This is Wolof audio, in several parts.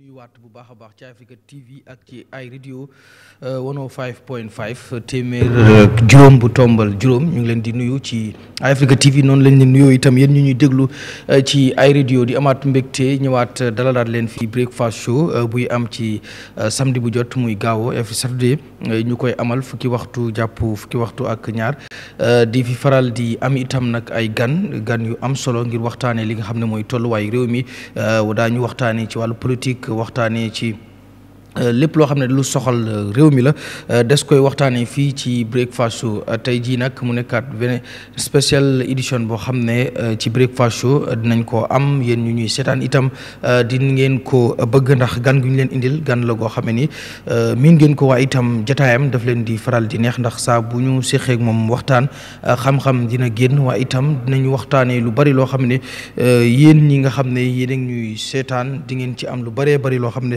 nuyu waat bu baax a baax ci Africa TV ak ci ay radio 105 euh, point 5 téeméer juróom bu tombal juróom ñu ngi leen di nuyu ci Africa TV noonu lañ di nuyoo itam yéen ñu ñuy déglu euh, ci ay radio di amaat mbégte ñëwaat euh, dalalaat leen fii breakfast show buy am ci samedi bu jot muy gaawo every Saturday ñu koy amal fukki waxtu jàpp fukki waxtu ak ñaar di fi faral di am itam nag ay gan gan yu am solo ngir waxtaanee li nga xam ne mooy tolluwaay réew mi daañu waxtaanee ci wàllu dikk waxtaanee ci Euh, lépp loo xam ne lu soxal euh, réew mi la euh, des koy waxtaanee fii ci breakfast show tey jii nag mu nekkaat beneen spécial édition boo xam ne ci breakfast show dinañ ko am yéen ñu ñuy seetaan itam di ngeen ko bëgg ndax gan gu ñu leen indil gan la goo xam ne ni miin ngeen ko waa itam jataayam daf leen di faral di neex ndax saa bu ñu séqeek moom waxtaan xam-xam dina génn waa itam dinañ waxtaanee lu bari loo xam ne yéen ñi nga xam ne yéen ñuy seetaan di ngeen ci am lu bëree bari loo xam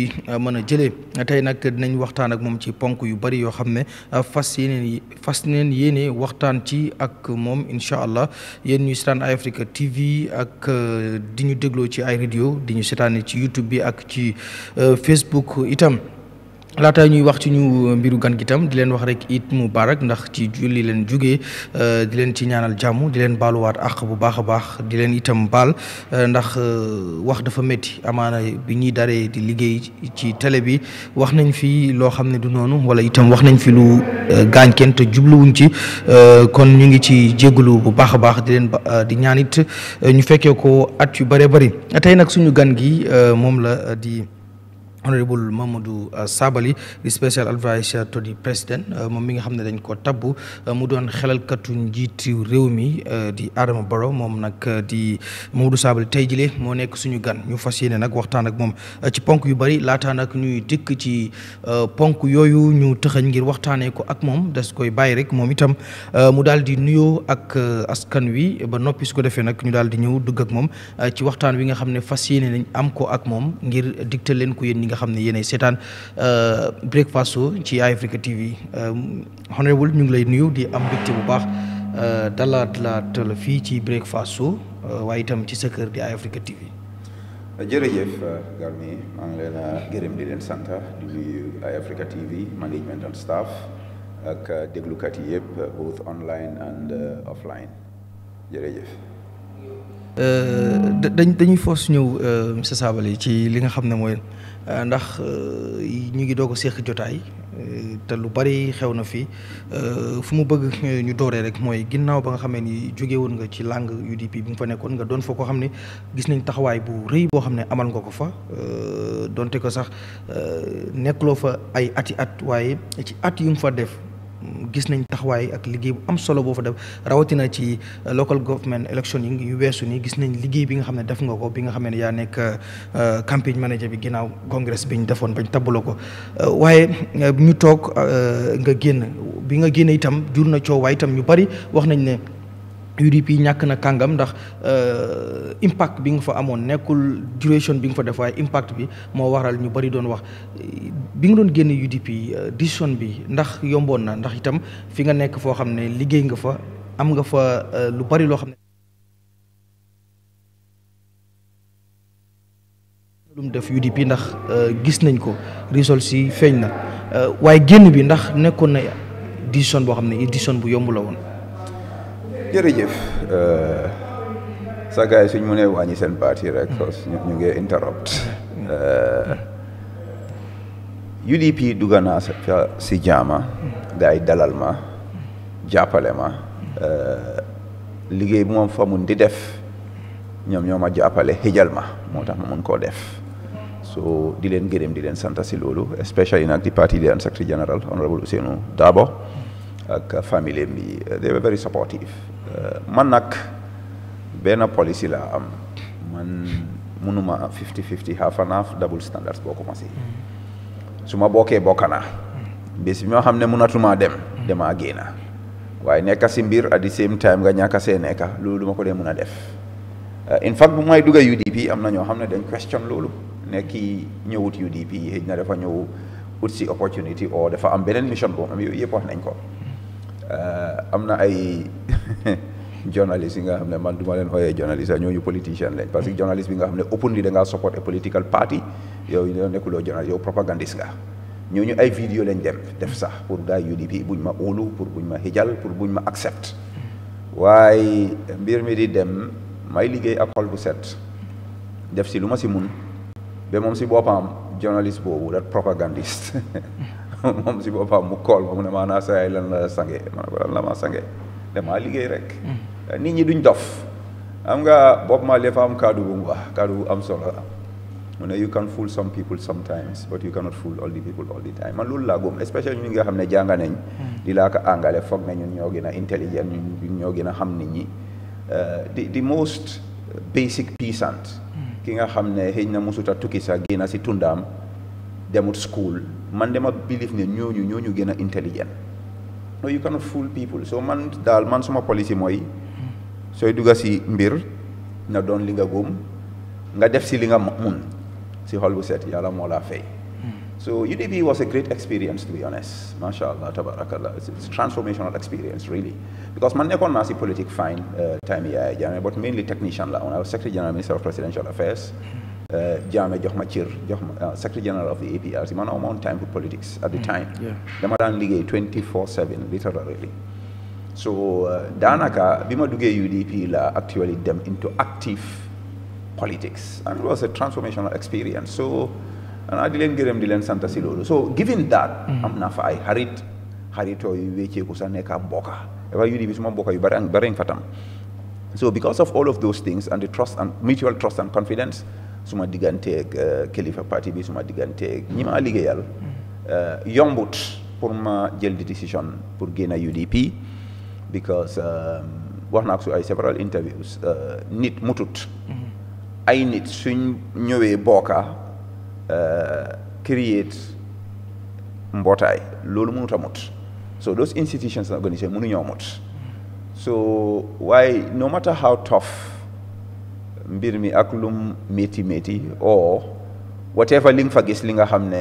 fi euh, mën a jëlee tey nag dinañ waxtaan ak moom ci ponk yu bari yoo xam ne euh, fas yéeneen fas neen yéene waxtaan ci ak moom incha allah yéen ñuy seetaan ay Africa TV ak euh, di ñu dégloo ci ay rédio di ñu ci YouTube bi ak ci Facebook itam. laata ñuy wax ci ñu euh, mbiru gan gi di leen wax rek it mu mubarak ndax ci julli leen jugee euh, di leen ci ñaanal jàmm di leen baaluwaat àq bu baax a baax di leen itam baal euh, ndax wax dafa métti amaana bi ñuy daree di liggéey ci télé bi wax nañ fi loo xam ne du noonu wala itam wax nañ fi lu gaañ kenn te jubluwuñ ci kon ñu ngi ci jégalu bu baax a baax di leen di ñaan ñu fekkee ko at yu bëree bëri tey nag suñu gan gi moom la di. honorable Mamadou euh, Sabali di special adviser to the president euh, moom mi nga xam ne dañ ko tabbu euh, mu doon xelalkatu njiitu réew mi di Adama Barrow moom nag di Mamadou Sabali tey jile moo nekk suñu gan ñu fas yéene nag waxtaan ak moom ci ponk yu bari laataa nag ñuy dikk ci ponk yooyu ñu tëxañ ngir waxtaanee ko ak moom des koy bàyyi rek moom itam mu daal di nuyoo ak askan wi ba noppi su ko defee nag ñu daal di ñëw dugg ak moom ci waxtaan wi nga xam ne fas yéene nañ am ko ak moom ngir digtal leen ko yéen nga xam ne yéenay seetaan euh, breakfast ci Eye Africa TV euh, honorable ñu ngi lay nuyu di am ci bu baax euh, dalaat laat fii ci breakfast waaye itam ci sa kër di Eye Africa TV. jërëjëf Garmi maa ngi leen a gërëm di leen sant di nuyu Eye Africa TV management and staff ak déglukat yi yëpp both online and offline jërëjëf. Euh, dañ dañuy force ñëw monsieur Sabaly ci li nga xam ne mooy euh, ndax euh, ñu ngi doog a seq jotaay te lu bari xew na fi fu mu bëgg ñu dooree rek mooy ginnaaw ba nga xamee ni jóge woon nga ci langue UDP bi nga fa nekkoon nga doon fa ko xam ne gis nañ taxawaay bu rëy boo xam ne amal nga ko fa donte ko sax nekkuloo fa ay ati at waaye ci at yu mu fa def. gis nañ taxawaay ak liggéey bu am solo boo fa def rawatina ci euh, local government election yi yu weesu nii gis nañ liggéey bi nga xam ne def nga ko bi nga xam ne yaa nekk euh, campagne manager bi ginnaaw congress bi ñu defoon bañ tabuloo ko euh, waaye ñu toog nga génn bi nga génn itam jur na coowaay itam ñu bari wax nañ ne. UDP ñàkk na kàngam ndax euh, impact bi nga fa amoon nekkul duration bi nga fa def waaye impact bi moo waral ñu bari doon wax bi nga doon génn UDP euh, décision bi ndax yomboon na ndax itam fi nga nekk foo xam ne liggéey nga fa am nga fa euh, lu bari loo xam ne lu mu def UDP ndax gis nañ ko risol si feeñ na waaye génn bi ndax nekkoon na décision boo xam ne décision bu yomb la woon jërëjëf sa gars suñ suñ mënee wàññi seen baat yi rek mm-hmm. ñu ngi interrupt eh, UDP dugg naa si jaama mm-hmm. gars yi dalal ma jàppale ma eh, liggéey bi moom fa mun di def ñoom ñoo ma jàppale xijal ma moo tax ma mun koo def so di leen gërëm di leen sant si loolu especially nag di parti di an secrétaire général honorable Ousseynou Dabo ak famille bi euh, they were very supportive euh, man nag benn policy laa am man mënuma fifty fifty half and half double standards boo commencé su ma bokkee bokk naa bés bi ñoo xam ne mënatumaa dem damaa génna waaye nekka si mbir at the same time nga ñàkk see nekka loolu du ma ko dee mën a def euh, in fact bu may dugga UDP am na ñoo xam ne dañ question loolu nekki ñëwut UDP xëy na defa ñëw ut si opportunity o dafa am beneen mission boo xam ne yooyu yëpp wax nañ ko Euh, am na ay journaliste yi nga xam ne man du ma leen xooyee journaliste ñooñu politicien lañ parce que journaliste bi nga xam ne openly da ngaa support a political party yow ñoo nekkuloo journaliste yow propagandiste nga ñooñu ay vidéo lañ dem def sax pour gars UDP buñ ma óolu pour buñ ma xijal pour buñ ma accept waaye mbir mi di dem may liggéey ak xol bu set def si lu ma si mun ba moom si boppam journaliste boobu dat propagandiste moom si boppam mu kool ma mu ne maanaa saa yaay lan la sange ma ne ko lan la ma sange damaa liggéey rek. Mm. nit ñi duñ dof. am nga bopp ma dafa am kaddu bu mu wax kaddu am solo la mu ne you can fool some people sometimes but you cannot fool all the people all the time man loolu laa gëm especially ñun nga xam ne jàng nañ. Mm. di laa ko àngale foog na ñun ñoo gën a intelligent ñun ñoo gën a xam ni ñi. Uh, the the most basic peasant. Mm. ki nga xam ne xëy na musuta tukki sax génn si tundaam demut school. man dama believe ne ñooñu ñooñu gën a intelligent no you cannot fool people so man daal man suma policy mooy sooy dugga si mbir na doon li nga góom nga def si li nga mun si xol bu set yàlla moo laa fay so UDP was a great experience to be honest macha allah tabarakallah it's a transformational experience really because man nekkoon naa si politique fine uh, time Yaya Jammeh but mainly technician la on I was secretary general minister of presidential affairs Uh, Jammeh jox ma cër jox ma uh, secretary general of the APRC man amoon time for politics at the mm, time dama daan liggéey 24/7 literally so uh, daanaka bi ma duggee UDP la actually dem into active politics and it was a transformational experience so xanaa di leen gërëm di leen sant si loolu so given that mm. am naa fa ay xarit xaritoo yu wécceeku sax nekk am mbokka dafa UDP suma mbokka yu bari bari nga fa tam so because of all of those things and the trust trust and confidence suma digganteeg euh, kilifa parti bi suma digganteeg ñi ma liggéeyal euh, yombut pour ma jël di décision pour génn UDP because euh, wax naa ko su ay several interviews nit mutut mm-hmm. ay nit suñ ñëwee booka create mbootaay loolu mënut a mut so those institutions and organizations mënuñoo mut mm-hmm. so waaye no matter how tough mbir mi ak lum méti méti oo watee fa li nga fa gis li nga xam ne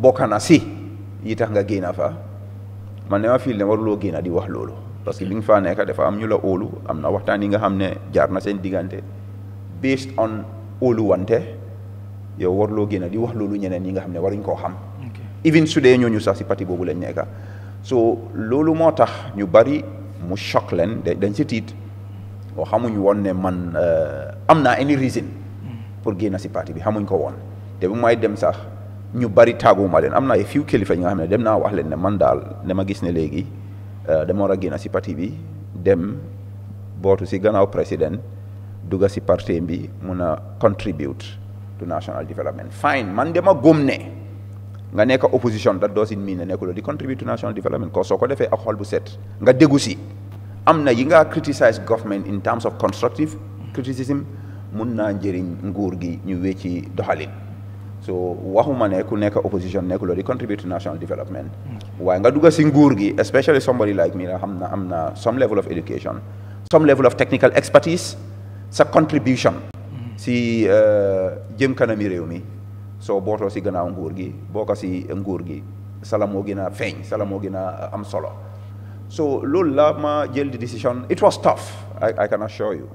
bokk na si yi tax nga génn fa ma ne ma fii ne waruloo génn di wax loolu parce que li nga faa nekk dafa am ñu la óolu am na waxtaan yi nga xam ne jaar na seen diggante based on óolu wante yow waruloo génn di wax loolu ñeneen yi nga xam ne waruñ koo xam even su dee ñooñu sax si pati boobu lañ nekka so loolu moo tax ñu bari mu choc leen dañ si tiit ko xamuñu woon ne man euh, am naa any reason pour génn si parti bi xamuñ ko woon te bu may dem sax ñu bari tàgguwuma leen am na ay few kilifa yi nga xam ne dem naa wax leen ne man daal ma gis ne léegi euh, dama war a génna si parti bi dem bootu si gannaaw président dugga si parti bi mun a contribute to national development fine man dama góom ne nga nekk opposition that doesn't mean ne nekkuloo di contribute to national development ko soo ko defee ak xol bu nga déggu si am na yi nga criticize government in terms of constructive criticism mun naa njëriñ nguur gi ñu wecci doxalin so waxuma ne ku nekk opposition nekkuloo di contribute to national development mm. waaye nga dugga si nguur gi especially somebody like me la xam na am na some level of education some level of technical expertise sa contribution mm. si uh, jëm kanami réew mi soo bootoo si gannaaw nguur gi boo ko si nguur gi sala moo gën a feeñ sala moo gën a uh, am solo So Lulama jailed decision, it was tough, I, I, can assure you.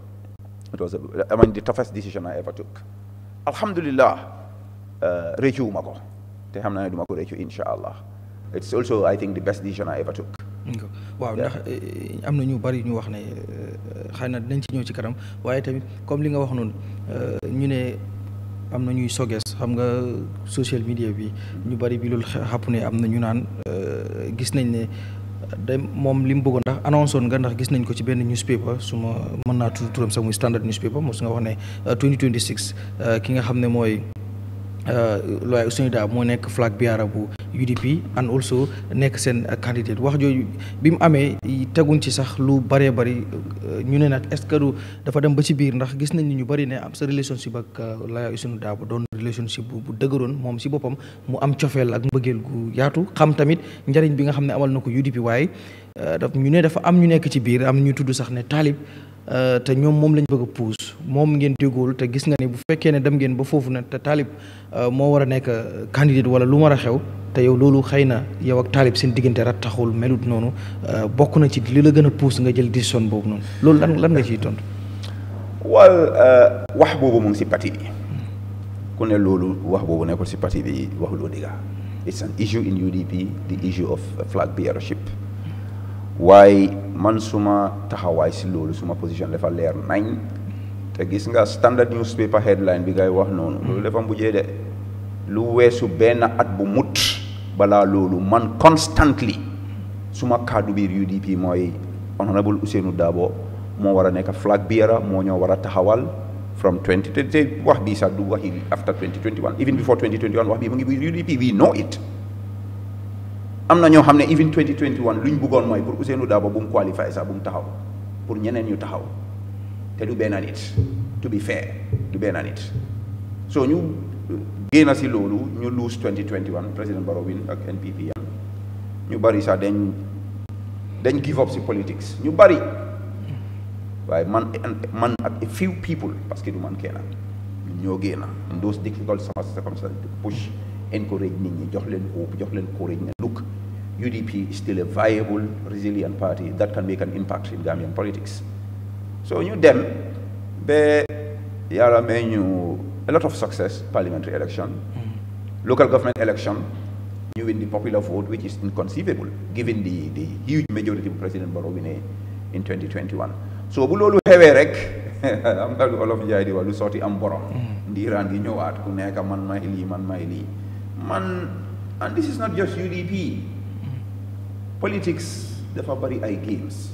It was, a, I mean, the toughest decision I ever took. Alhamdulillah, uh, reju mako. Te hamna duma ko reju inshallah. It's also, I think, the best decision I ever took. waaw ndax eh, eh, am na ñu bari ñu wax ne eh, xëy na dinañ ci ñëw ci kanam waaye tamit comme li nga wax noonu ñu ne am na ñuy sogees xam nga social media bi ñu bari bi loolu xàpp ne am na ñu naan gis nañ ne dem moom li mu bëggoon ndax annoncé woon nga ndax gis nañ ko ci benn newspaper su ma mën naa tudd turam sax muy standard newspaper moom su nga wax ne 2026 euh, euh, ki nga xam ne mooy Euh, lawyer Ousainou Darboe moo nekk flag bearer bu UDP and also nekk seen candidate wax jooju bi mu amee teguñ ci sax lu bëree bari euh, ñu ne nag est-ce que du dafa dem ba ci biir ndax gis nañ ni ñu bëri ne am sa relationship ak euh, lawyer Ousainou Darboe doon relationship bu dëgëroon moom si boppam mu am cofeel ak mbëggeel gu yaatu xam tamit njëriñ bi nga xam ne amal na ko UDP waaye daf ñu ne dafa am ñu nekk ci biir am ñu tudd sax ne taalib Euh, te ñoom moom lañ bëgg a pousse moom ngeen déggool te gis nga ne bu fekkee ne dem ngeen ba foofu nag te taalib euh, moo war a nekk euh, candidat wala lu war a xew te yow loolu xëy na yow ak taalib seen diggante rattaxul melut noonu bokk na ci li la gën a pousse nga jël di décision boobu noonu loolu lan lan nga ciy tontu. wal wax boobu mu ngi si parti bi hmm. ku ne loolu wax boobu nekkul si pati bi waxuloo dëgg it's an issue in UDP the issue of flag bearership waaye man suma taxawaay si loolu suma position defa leer nañ te gis nga standard newspaper headline bi ngay wax noonu loolu defa mujjee de lu weesu benn at bu mut balaa loolu man constantly suma kàddu biir UDP mooy honorable Ousseynou Dabo moo war a nekk bi yara moo ñoo war a taxawal from 20 te wax bii sax du waxi after 2021 even before 2021 wax bii mu ngi biir UDP we know it am na ñoo xam ne even 2021 lu ñu bëggoon mooy pour Ousseynou Dabo bu mu qualifié sax bu taxaw pour ñeneen ñu taxaw te du benn nit to be fair du benn nit so ñu génn si loolu ñu lose 2021 président Barrow win ak NPP yan ñu bari sax dañ dañ give up si politics ñu bari waaye man man ak a few people parce que du man kenn ñoo génn those difficult circumstances push encourage nit ñi jox leen hope jox leen courage UDP is still a viable, resilient party that can make an impact in Gambian politics. So you dem ba yàlla may a lot of success parliamentary election, mm-hmm. local government election, you win the popular vote, which is inconceivable given the the huge majority of President Barrow in 2021. so bu loolu xewee rek am na lu olof Njaay di wax lu sotti am borom. Mm-hmm. ndiiraan gi ñëwaat ku nekk man may lii man man and this is not just UDP. politics dafa bari ay games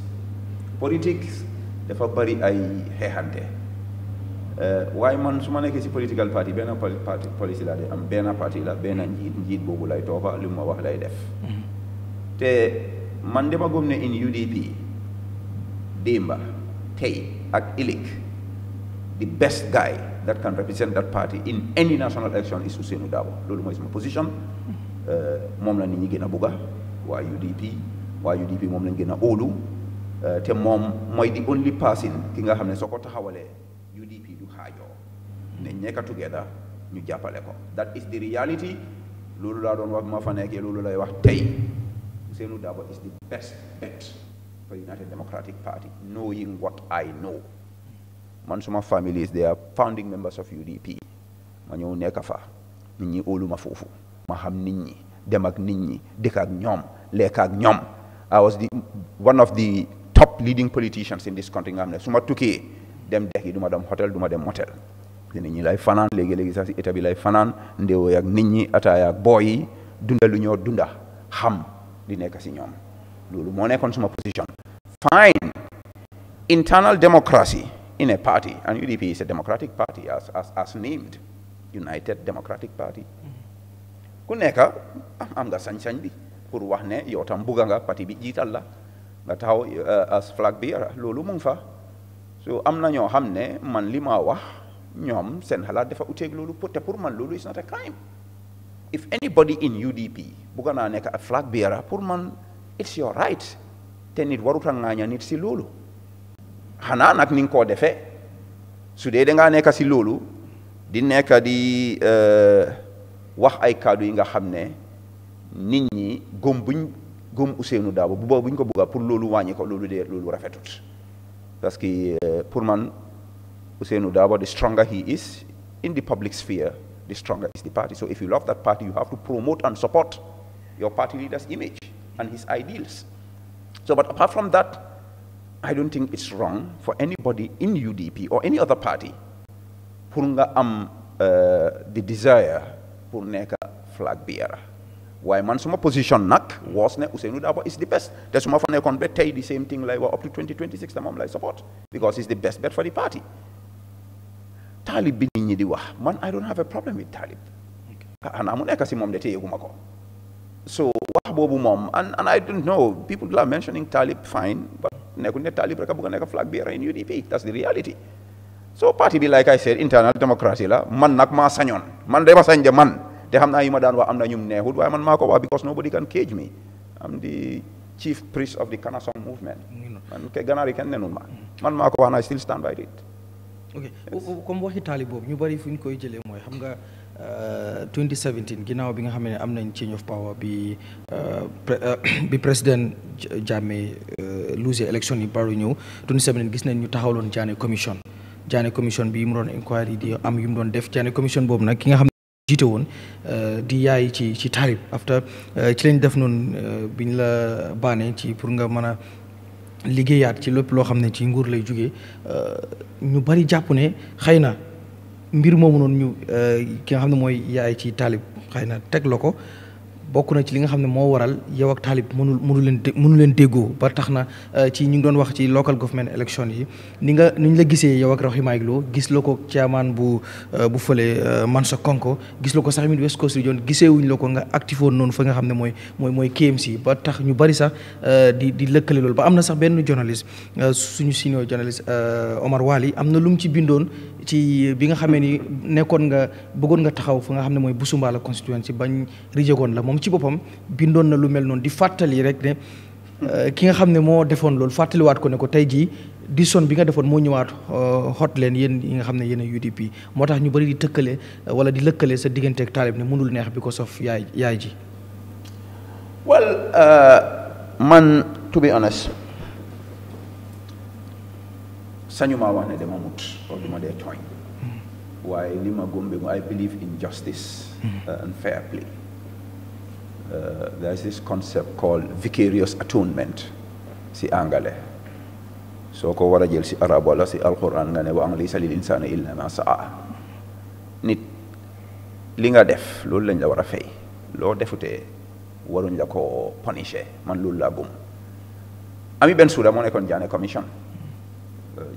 politics dafa bari ay xeexante eh, waaye man su ma nekkee si political party benn parti policy laa de am benn parti la benn njiit njiit boobu lay toofa li ma wax lay def mm-hmm. te man dama gëm ne in UDP démba tey ak ilig the best guy that can represent that party in any national election is Ousainou Darboe loolu mooy sama position mm-hmm. eh, moom la nit ñi gën a bugga waa UDP waa UDP moom lañ gën a óolu euh, te moom mooy di only person ki nga xam ne soo ko taxawalee UDP du xaajoo ne ñekka together ñu jàppale ko that is the reality loolu laa doon wax ma fa nekkee loolu lay wax tey Ousainou Darboe is the best bet for United Democratic Party knowing what I know man suma families they are founding members of UDP ma ñëw nekk fa nit ñi óolu ma foofu ma xam nit ñi dem ak nit ñi dëkk ak ñoom lekk ak ñoom I was the one of the top leading politicians in this country ne suma ma tukkee dem dex gi du dem hotel duma ma dem motel nit ñi lay fanaan léegi-léegi sax si état bi lay fanaan ndéwoo ak nit ñi ataaya ak booy dunda lu ñoo dunda xam di nekk si ñoom loolu moo nekkoon suma position fine internal democracy in a party and UDP is a democratic party as named United Democratic Party mm-hmm. ku nekk am nga sañ-sañ bi pour wax ne yow tam bugga nga parti bi jiital la nga taxaw euh, as flag bi euh, loolu mu fa so am na ñoo xam ne man li ma wax ñoom seen xalaat dafa uteeg loolu pour te pour man loolu is not a crime if anybody in UDP bugga naa nekk a flag bearer pour man it's your right te nit waruta ŋaaña nit si loolu xanaa nag ni nga koo defee su dee da ngaa nekk si loolu di nekk di euh, wax ay kàddu yi nga xam ne nit ñi góom buñ góom Ousseynou Daabo bu boobu buñ ko bëgga pour loolu wàññi ko loolu de loolu rafetut parce que euh, pour man Ousseynou Daabo the stronger he is in the public sphere the stronger is the party so if you love that party you have to promote and support your party leader's image and his ideals so but apart from that I don't think it's wrong for anybody in UDP or any other party pour nga am euh, the desire pour nekk flag bearer waaye man suma position nag woos ne Ousainou Darboe is the best te su ma fa nekkoon ba tey di same thing lay wax up to 2026 te moom lay support because he's the best bet for the party taalib bi nit ñi di wax man I don't have a problem with taalib xanaa mu nekk si moom de te yëguma ko so wax boobu moom and and I don't know people are mentioning taalib fine but nekkul ne taalib rek a bëgg a nekk flag bi in UDP that's the reality so parti bi like I said internal la man nag maa sañoon man de man te xam naa yu ma daan wax am na ñum neexut waaye man maa ko wax because nobody can cage me am di chief priest of the Kanasam movement man ke ganaar yi kenn nenun ma man maa ko wax naa still stand by it ok comme waxi taali boobu ñu bari fu ñu koy jëlee mooy xam nga 2017 euh, ginnaaw bi nga xam ne am nañ change of power bi euh, euh, bi président lose élection yi baru ñëw gis nañ ñu taxawloon Janneh commission Janneh commission bi mu doon inquiry di am yu mu def Janneh commission ki nga xam jiite woon euh, di yaay ci ci taarib after euh, ci lañ def noonu euh, biñ la baanee ci pour nga mën a liggéeyaat ci lépp loo xam ne ci nguur lay jógee ñu bari jàpp ne xëy na mbir moom noonu ñu ki nga xam ne mooy yaay ci taalib xëy na teg la ko bokk na ci li nga xam ne moo waral yow ak taalib mënu mënu leen mënu leen déggoo ba tax na euh, ci ñu ngi doon wax ci local government election yi ni nga ni ñu la gisee yow ak Rahima Aiglo gis la ko caamaan bu euh, bu fële euh, Mansa Konko gis la ko sax mit West Coast Region gisee wuñ la ko nga active noonu fa nga xam ne mooy mooy mooy KMC ba tax ñu bari sax di di lëkkale loolu ba am na sax benn journaliste suñu senior journaliste Omar Wali am na lu mu ci bindoon ci bi nga xamee ni nekkoon nga bëggoon nga taxaw fu nga xam ne mooy Busumbala constituency bañ rijegoon la moom ci boppam bindoon na lu mel noonu di fàttali rek ne euh, ki nga xam ne moo defoon loolu fàttaliwaat ko ne ko tey jii di son bi nga defoon moo ñëwaat xot euh, leen yéen yi nga xam ne yéen a UDP moo tax ñu bari di tëkkale euh, wala di lëkkale sa diggante ak taalib ne mënul neex bi ko sof yaay ji well man to be honest sañu kon du ma dee tooñ waaye li ma gombe mu I believe in justice uh, and fair play uh, there is this concept called vicarious atonement si angale soo ko war a jël si arab wala si alquran nga ne wa an laysa lil insaani illa ma saa nit li nga def loolu lañ la war a fay loo defute waruñ la ko punisher man loolu laa gum ami benn suuda moo nekkoon jaane commission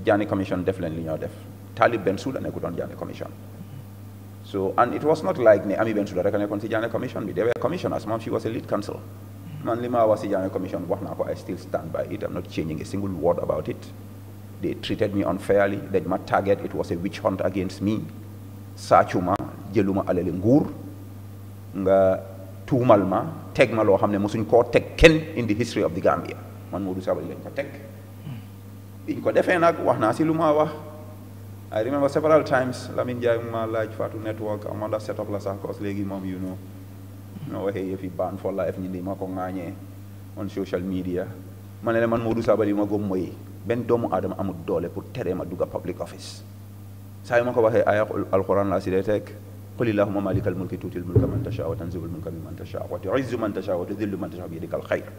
Jani commission definitely leen def Talib Bensouda nekku doon Jani commission so and it was not like ne Ami Bensouda rek a nekkoon si Jani commission bi they were commissioners mom, she was a lead counsel man lima was wax si Jani commission wax now, ko I still stand by it I'm not changing a single word about it they treated me unfairly They my target it was a witch hunt against me saacuma jëluma alali nguur nga tuumal ma teg ma ne musin koo teg in the history of the Gambia man Modou sabi lañ tek. biñ ko defee nag wax naa si lu ma wax I remember several times Lamine Ndiaye mu ma laaj Fatou network amoon ah, na set up la sax cause léegi moom you know no waxee yëfi ban for life ñu di ma ko ŋaañee on social media ma ne la man Modou Sabally yu ma gëm mooy benn doomu aadama amul doole pour teree ma dugga public office saa yu ma ko waxee aya alquran laa si dee teg qul illahuma malikal mulki tuutil mulka man tasha wa tanzilul mulka bi man tasha wa tuizzu man tasha man tasha bi yadikal xayr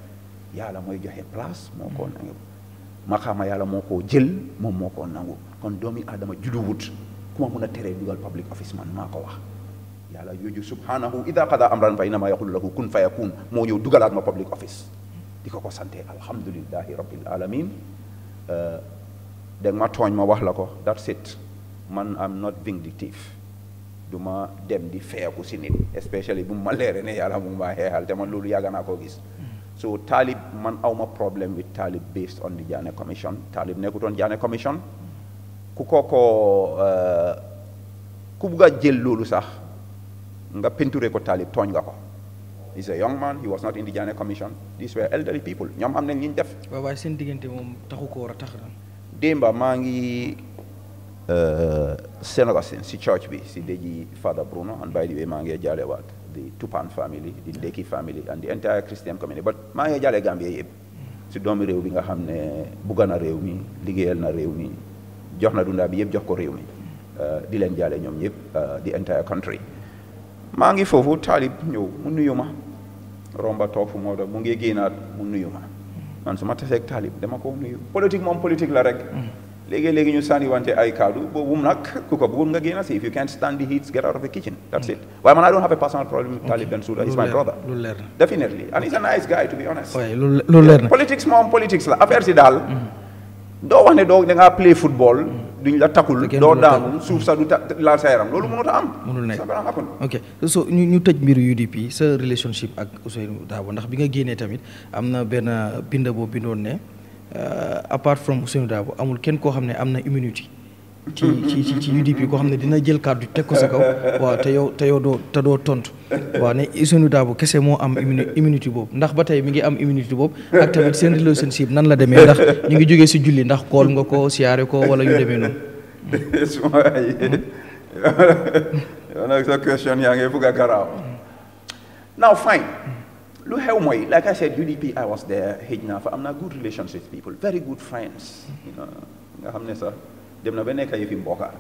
yàlla mooy joxe place moo ko maqaama yàlla moo ko jël moom moo koo nangu kon doomi aadama judduwut ku ma mun a teree dugal public office man maa ko wax yàlla yooyu subhanahu ida qada amran fa innama la ko kun fayakun moo ñëw dugalaat ma public office di ko ko sante alhamdulillahi rabbil alamin eh, dégg ma tooñ ma wax la ko that's it man am not vindictive du ma dem di feeku si nit especially bu ma leere ne yàlla mu ma xeexal te man loolu yàgg naa koo gis so Talib man awma problème with Talib based on the Janneh Commission Talib nekkutoon Janneh Commission ku ko ko eh, ku bugg jël loolu sax nga peinturé ko Talib tooñ nga ko he's a young man he was not in the Janneh Commission these were elderly people ñoom am nañ li ñu def. waaw waaye seen diggante moom taxu ko war a tax démba maa ngi eh, Sénégal si church bi si déji Father Bruno and by the way maa ngi jaalewaat the Tupan family the Ndeki family and the entire Christian community but maa ngi jàllee Gambia yëpp si doomi réew bi nga xam ne bugga na réew mi liggéeyal na réew mi jox na dundaa bi yëpp jox ko réew mi euh, di leen jàllee ñoom ñëpp euh, the entire country maa ngi foofu taalib ñëw mu nuyu ma romba toog fu moo doon mu ngi génnaat mu nuyu ma man su ma taseeg taalib dama ko nuyu moom politique la rek Legi leegi ñu sànni wante ay kaddu boobu nag ku ko bëggul nga génn si if you can't stand the heat get out of the kitchen that's it mm-hmm. waaye man I don't have a personal problem with Talib Bensouda he's my brother definitely and he's a nice guy to be honest politics moom politics la affaire si daal mm-hmm. doo wax ne doo da ngaa play football mm-hmm. duñ la takkul doo daanu suuf sa du laal sa yaram loolu mënut a am mënul nekk ok so ñu ñu tëj mbiru UDP sa relationship ak Ousseynou Dabo ndax bi nga génnee tamit am na benn bind boo bindoon ne Euh, apart from Ousseynou Dabo amul kenn koo xam ne am na immunity ci ci ci ci UDP koo xam ne dina jël kàddu teg ko sa kaw waaw te yow te yow doo te doo tontu waaw ne Ousseynou Dabo kese moo am immunity boobu ndax ba tey mi ngi am immunity boobu ak tamit seen relationship nan la demee ndax ñu ngi jógee si julli ndax kool nga ko siyaare ko wala yu demee noonu. yow nag a question a now fine. lu xew mooy like I said UDP I was there xëj naa fa am naa good relations with people very good friends nga xam ne sax dem na ba nekk yëfi mbokka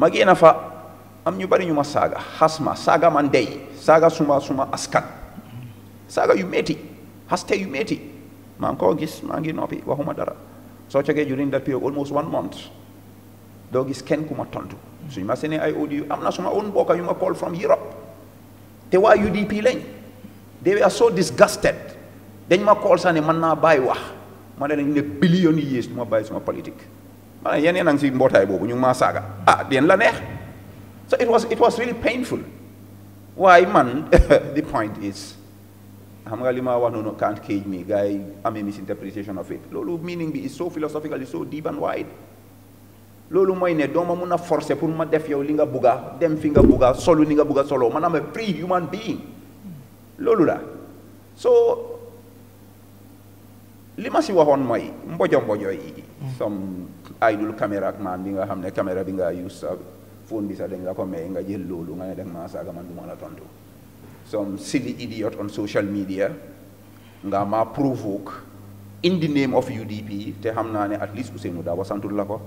ma génn fa am ñu bari ñu ma saaga xas saaga man dey saaga suma suma askan saaga yu métti xaste yu métti maa ngi koo gis maa ngi noppi waxuma dara soo cogee during that period almost one month doo gis kenn ku ma tontu suñu ma seenee ay audio am na suma own mbokka yu ma call from Europe te waa UDP lañ they were so disgusted dañ ma kool sax ne mën naa bàyyi wax ma ne lañ ne billion years du ma bàyyi suma politique ma ne yeneen a ngi si mbootaay ñu ngi maa ah deen la neex so it was it was really painful Why, man the point is xam nga li ma wax noonu can't cage me gars yi amee misinterpretation of it loolu meaning bi is so philosophical is so deep and wide loolu mooy ne doo ma mun a forcer pour ma def yow li nga bugga dem fi nga bugga solo ni nga bugga soloo man am a free human being loolu la so li ma si waxoon mooy mbojo mbojo yi some idle bi nga xam ne caméra bi nga use dañ la nga jël loolu nga ne def man du ma la tontu some silly idiot on social media nga ma provoque in the name of UDP te xam naa ne at least Ousseynou Daba santul la ko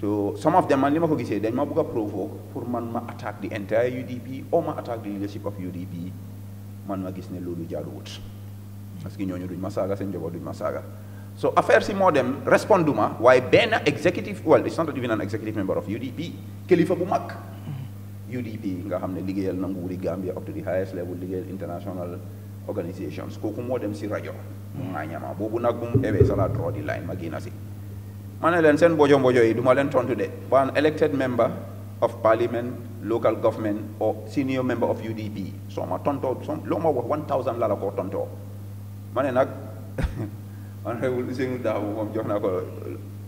so some of them man li ma ko gisee dañ ma bëgg a provoque pour man ma attaque the entire UDP or ma attaque the leadership of UDP man ma gis ne loolu jaaduwut parce que ñooñu duñ ma saaga seen njaboot duñ ma saaga so affaire si moo dem respondu waaye benn executive well it's not even an executive member of UDP kilifa bu mag UDP nga xam ne liggéeyal na nguuri Gambia up to the highest level liggéeyal international organisations kooku moo dem si rajo mu ŋaañama boobu nag bu mu ewee sala draw ma ne leen seen mbojo mbojo yi du ma leen tontu de ba an elected member of parliament local government or senior member of UDP soo ma tontoo soo loo ma wax one thousand la la koo tontoo ma ne nag honorable Ousseynou Dabo moom jox naa ko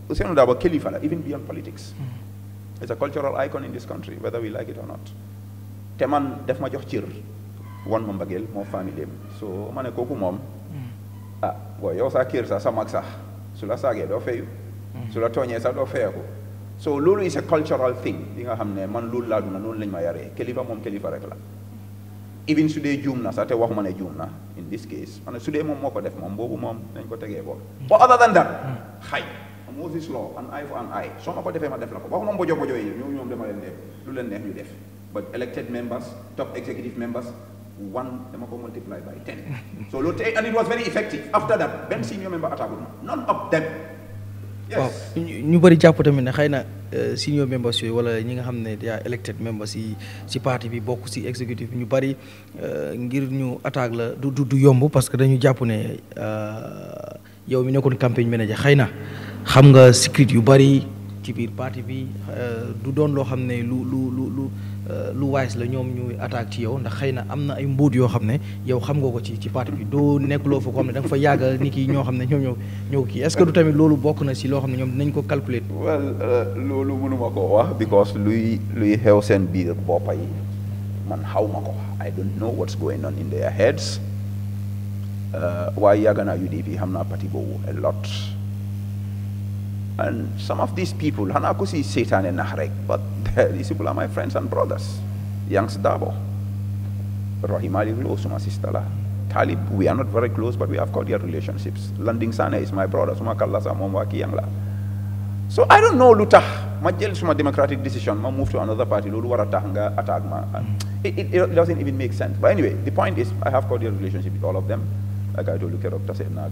Ousseynou Dabo kilifa la even beyond politics hmm. it's a cultural icon in this country whether we like it or not te man def ma jox cër wan ma mbageel moo famille so ma ne kooku moom hmm. ah booy yow saa kër sax sa mag sax su la saagee doo fayu so la tooñee sax doo feye so loolu is a cultural thing li nga xam ne man loolu laa duna noonu lañ ma yaree kilifa mom kilifa rek la even su dee juum na sax te waxuma ne juum in this case man su mom moom moo ko def mom boobu moom nañ ko tegee boobu but other than that xay Moses law an eye for an eye soo ma ko defee ma def la ko waxuma mbojo mbojo yi ñoom ñoom dama leen def lu leen neex ñu def but elected members top executive members one dama ko multiply by ten so loolu te and it was very effective after that Ben senior member attaqué none of them ñu bëri jàpp tamit ne xëy na euh, senior members yooyu wala ñi nga xam ne yaa elected members yi si parti bi bokk si exécutif ñu bëri euh, ngir ñu attaque la du du yomb parce que dañu jàpp ne euh, yow mi nekkoon campagne manager xëy na xam nga secret yu bëri ci biir parti bi du doon loo xam ne lu lu lu lu Euh, lu waayes la ñoom ñuy attaque ci yow ndax xëy na am na ay mbóot yoo xam ne yow xam nga ko ci ci parti bi doo nekk loo fa ko xam ne da fa yàgg nit kii ñoo xam ne ñoom ñoo ñoo kii est-ce que du tamit loolu bokk na si loo xam ne ñoom dinañ ko calculer well euh, loolu mënuma koo wax because luy luy xew seen biir boppa yi man xaw ma ko I don't know what's going on in their heads euh, waaye yàgg naa UDP xam naa parti boobu a lot And some of these people, Hanakusi is Satan and Nahrek, but these people are my friends and brothers. Youngs Dabo, Rahim Ali close, my sister. Talib, we are not very close, but we have cordial relationships. Landing Sana is my brother. So I don't know, Luta. My jail a democratic decision. I move to another party. Mm. It, it, it doesn't even make sense. But anyway, the point is, I have cordial relationship with all of them. Like I told you, Dr. Sednag.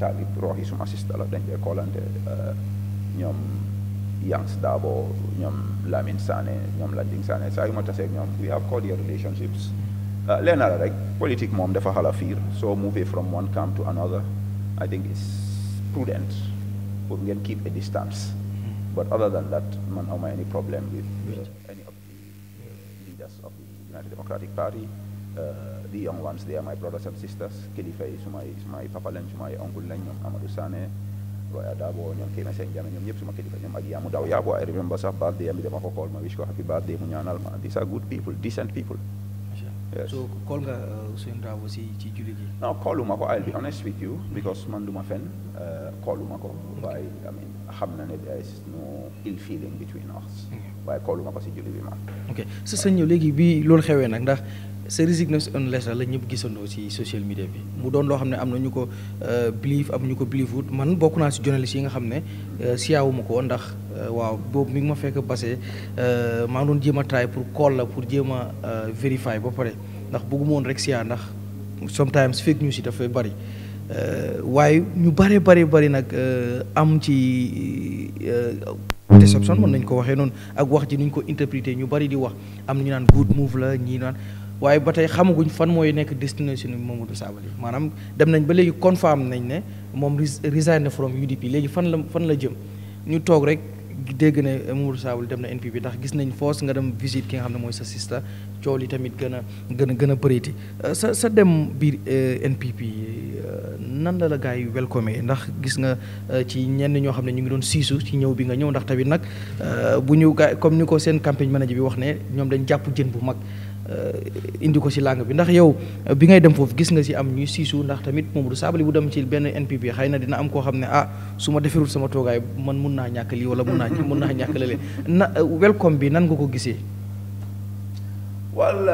taalib roox yi suma sis dala dañ dee koolante euh, ñoom Yance Dabo ñoom Lamine Sané ñoom Landing Sané saa yu ma ñoom we have cordial relationships euh, leen la rek politique moom dafa xala fiir so moving from one camp to another I think it's prudent pour ngeen keep a distance but other than that man awma any problem with uh, the leaders of the United Democratic Party uh, the young ones they are my brothers and sisters kilifa yi sumay sumay papa lañ lañ ñoom Amadou Sané Roya Dabo ñoom Kémé Sène Diame ñoom ñëpp suma kilifa ñoom ak Yaamu Daw Yaabo I remember sax birthday am bi dama ko call ma wish ko happy birthday mu ñaanal ma call nga Ousainou uh, Darboe si be honest with you because man du ma fen uh, calluma ko waaye I mean xam na ne there is no ill feeling between us waaye calluma ko si julli bi man ok sa ñëw léegi bi loolu xewee nag ndax sa resignation letter la ñëpp gisando ci social media bi mu doon loo xam ne am na ñu ko euh, believe am ñu ko believe wut man bokk naa ci journaliste yi nga xam ne euh, siyaawuma ko ndax euh, waaw boobu mi ngi ma fekk base maa ngi doon jéem try pour call la pour jéem a vérifier ba pare ndax bëgguma woon rek siyaa ndax sometimes fake news yi dafay bari waaye ñu bare bare bari nag am ci déception mën nañ ko waxee noonu ak wax ji nuñ ko interpréter ñu bari di wax am na ñu naan good move la ñii naan waaye ba tey xamaguñ fan mooy nekk destination bi Mamadou Sabally maanaam dem nañ ba léegi confirm nañ ne moom resign na from UDP léegi fan la fan la jëm ñu toog rek dégg ne Mamadou Sabally dem na NPP ndax gis nañ force nga dem visite ki nga xam ne mooy sa sista coow li tamit gën a gën a gën a bëreeti euh, sa sa dem biir euh, NPP euh, nan la la gars yi welcome ndax gis nga ci ñenn ñoo xam ne ñu ngi doon siisu ci ñëw bi nga ñëw ndax tamit nag bu ñu comme ni ko seen campagne manager bi wax ne ñoom dañ jàpp jën bu mag Euh, indi ko ci langue bi ndax yow euh, bi ngay dem foofu gis nga ci am ñuy siisu ndax tamit Mamadou Sabally bu dem ci benn NPP xay na dina am koo xam ne ah su ma deferul sama toogaay man mun naa ñàkk lii wala mun naa mun naa ñàkk lale na euh, welcome bi nan nga ko gisee. well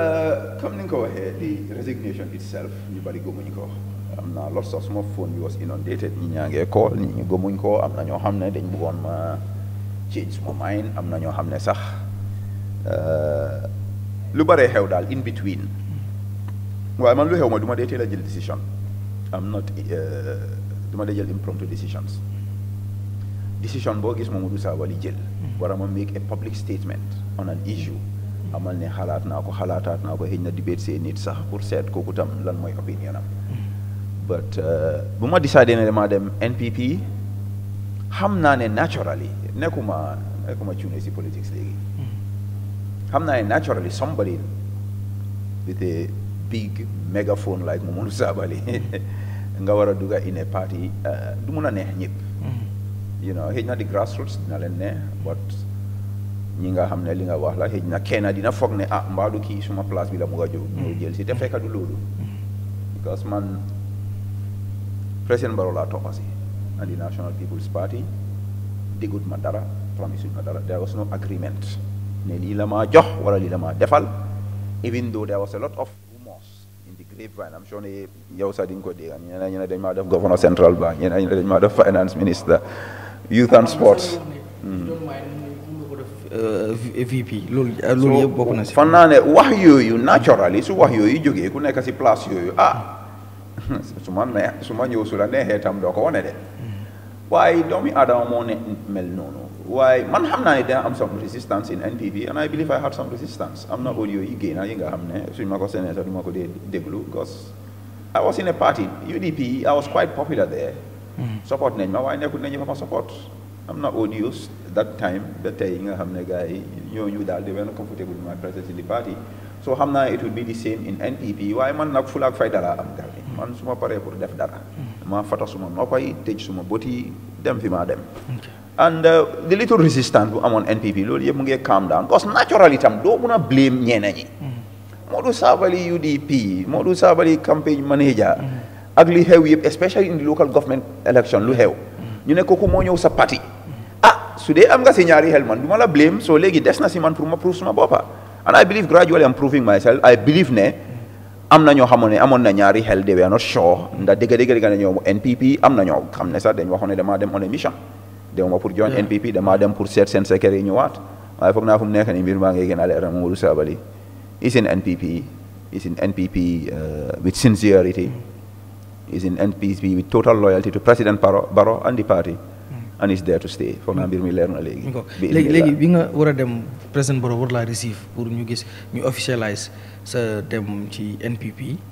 comme ni nga ko waxee the resignation itself ñu bari gëmuñ ko am na lots of suma phone bi was inundated ñi ñaa ngee call ñi ñu am na ñoo xam ne dañ bëggoon ma change suma mind am na ñoo xam ne sax. lu baree xew daal in between waaye man lu xew ma duma ma dee teel a jël décision am not eh, du ma dee jël impromptu decisions décision boo gis Momodou Sabally jël war a ma make a public statement on an issue amal ne xalaat naa ko xalaataat naa ko xëy na dibéet see nit sax pour seet kooku tam lan mooy opinion am but eh, bu ma décidé ne damaa dem NPP xam naa ne naturally nekkuma nekkuma cuune si politique léegi xam naa ne naturally somebody with a big megaphone like Momodou Sabally nga war a dugga in a party uh, du mun a neex ñëpp mm-hmm. you know xëy na di grassroots dina leen neex but ñi nga xam ne li nga wax la xëy na kenn dina foog ne ah mbaa du kii suma place bi la mu nga jóg ñoo jël si te fekka du loolu mm-hmm. because man président Barrow laa toppa si and the National People's Party diggut ma dara promise ma dara there was no agreement ne lii la maa jox wala lii la maa defal even though there was a lot of rumors in the grapevine am sure ne yow sax di ko dégg ñeneen ñu ne dañ maa def governor ne dañ maa def finance minister youth and sports hmm. uh, VP loolu uh, na si. naa wax yooyu naturally su wax yooyu joge ku nekk si place yooyu ah su ma nee ma ñëw su la neexee doo ko wane de hmm. waaye doomi aadama moo ne mel noonu. Why? man hamna naa ne am some resistance in NPP and I believe I had some resistance i am not audio yi génn yi nga xam ne suñ ma ko seenee sax ma ko dee because I was in a party UDP I was quite popular there hmm. support nañ ma waaye nekkul nañu fa ma support am not audio. that time ba tey nga xam ne gars yi ñooñu daal di wenn comfortable my presence in the party so hamna it would be the same in NPP Why man nag fulaak fay dara am gar man su ma paree pour def dara hmm. ma fata suma noppa yi tëj suma bët dem fi maa dem and uh, the little resistance bu amoon NPP loolu yëpp mu ngi calm down because naturally itam doo a blame ñeneen ñi. Mm-hmm. Modou Sabally UDP Modou Sabally mm-hmm. ak li yëpp especially in the local lu xew. Mm-hmm. ñu ne kooku moo ñëw sa parti. ah su dee am nga si ñaari xel man du léegi des na si man pour ma prove suma boppa and I believe gradually na ñoo xamoon ne amoon na ñaari xel they were not sure ndax dégg-dégg nga ne NPP am na ñoo xam ne sax dañ waxoon ne damaa dem on a demuma pour join NPP damaa dem pour seet seen secrétaire yi ñëwaat waaye foog naa fu mu nekk mbir maa ngi gën a leer Mamadou Sabally is in NPP is in NPP uh, with sincerity is in NPP with total loyalty to President Barrow, Barrow and the party hmm. and is there to stay foog naa mbir mi leer na léegi léegi léegi bi nga war a dem président Barrow war laa receive pour ñu gis ñu officialise sa dem ci NPP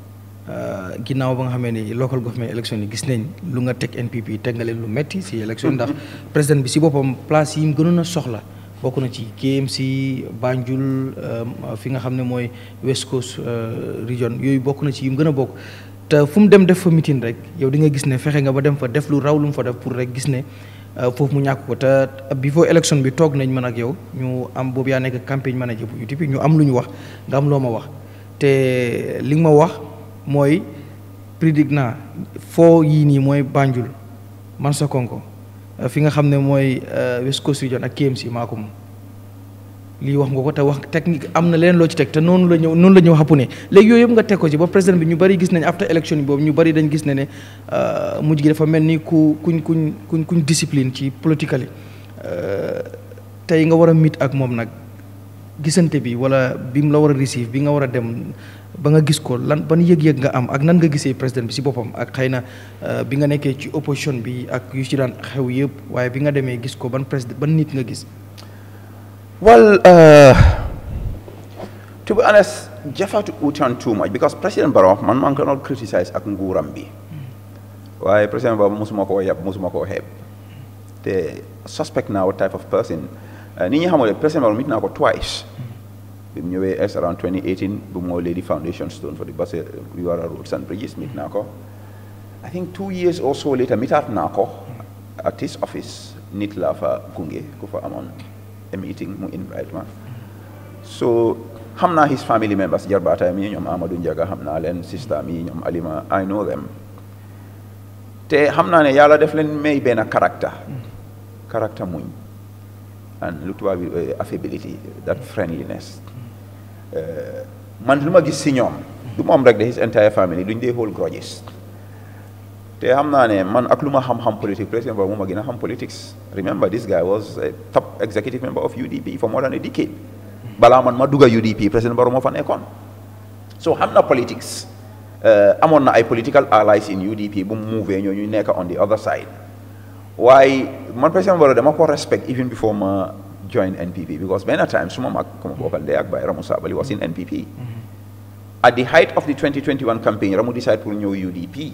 Ah, ginnaaw ba nga xamee ni local government election yi gis nañ lu nga NPP teg nga leen lu metti si élection ndax president bi si boppam place yi mu gënoon soxla na ci KMC Banjul ah, fi nga xam West Coast ah, region yooyu bokk na ci yi mu gën a dem def fa meeting rek yow di nga gis ne nga ba dem fa def lu raw lu fa def pour rek gis ne foofu mu ñàkk ko te before election bi toog nañ man ak yow ñu am boobu yaa nekk campagne manager bu UTP ñu am lu wax nga am loo wax te li ma wax mooy Prédigna foo yii nii mooy Banjul Mansakonko fi nga xam ne mooy euh, West Coast Region ak KMC maa ko moom lii wax nga ko te wax technique am na leen loo ci teg te noonu la ñëw noonu la ñëw xappu ne léegi yooyu yëpp nga teg ko ci ba président bi ñu bëri gis nañ after election bi boobu ñu bëri dañ gis ne ne euh, mujj gi dafa mel ni ku kuñ kuñ kuñ kuñ discipline ci politically euh, tey nga war a mit ak moom nag gisante bi wala bi mu la war a receive bi nga war a dem ba nga gis ko lan ban yëg-yëg nga am ak nan nga gisee président bi si boppam ak xëy na euh, bi nga nekkee ci opposition bi ak yu ci daan xew yëpp waaye bi nga demee gis ko ban président ban nit nga gis. well euh, to be honest jafatu utan too man maa ak nguuram bi hmm. waaye président Barrow mosuma koo yab mosuma ko xeeb te suspect now type of person euh, ni ñu xamoo ne président Barrow mit naa ko twice. Hmm. ñëwee as around 2018 bu moo lay di foundation stone for the Basse URR uh, roads and bridges mit naa ko I think two years or so later mitaat naa ko at his office nit laa fa gunge ku fa amoon a meeting mu invite ma so xam naa his family members jarbaataam yi ñoom Amadou Ndiaga xam naa leen sister, yi ñoom Alima I know them te xam naa ne yàlla def leen may benn caractère caractère muñ and lu tubaab uh, bi affability that friendliness man lu ma gis si ñoom du moom rek de his entire family duñ dee hold grudges te xam naa ne man ak lu ma xam-xam politique président boobu moom a gën a xam politics remember this guy was a top executive member of UDP for more than a decade balaa man ma dugg UDP président Barrow moo fa nekkoon so xam na politics eh, amoon na ay political allies in UDP bu mu mouvee ñoo ñu nekk on the other side waaye man président Barrow dama ko respect even before ma join NPP because many times Suma Ramu was in NPP. Mm -hmm. At the height of the 2021 campaign, Ramu decided to new UDP.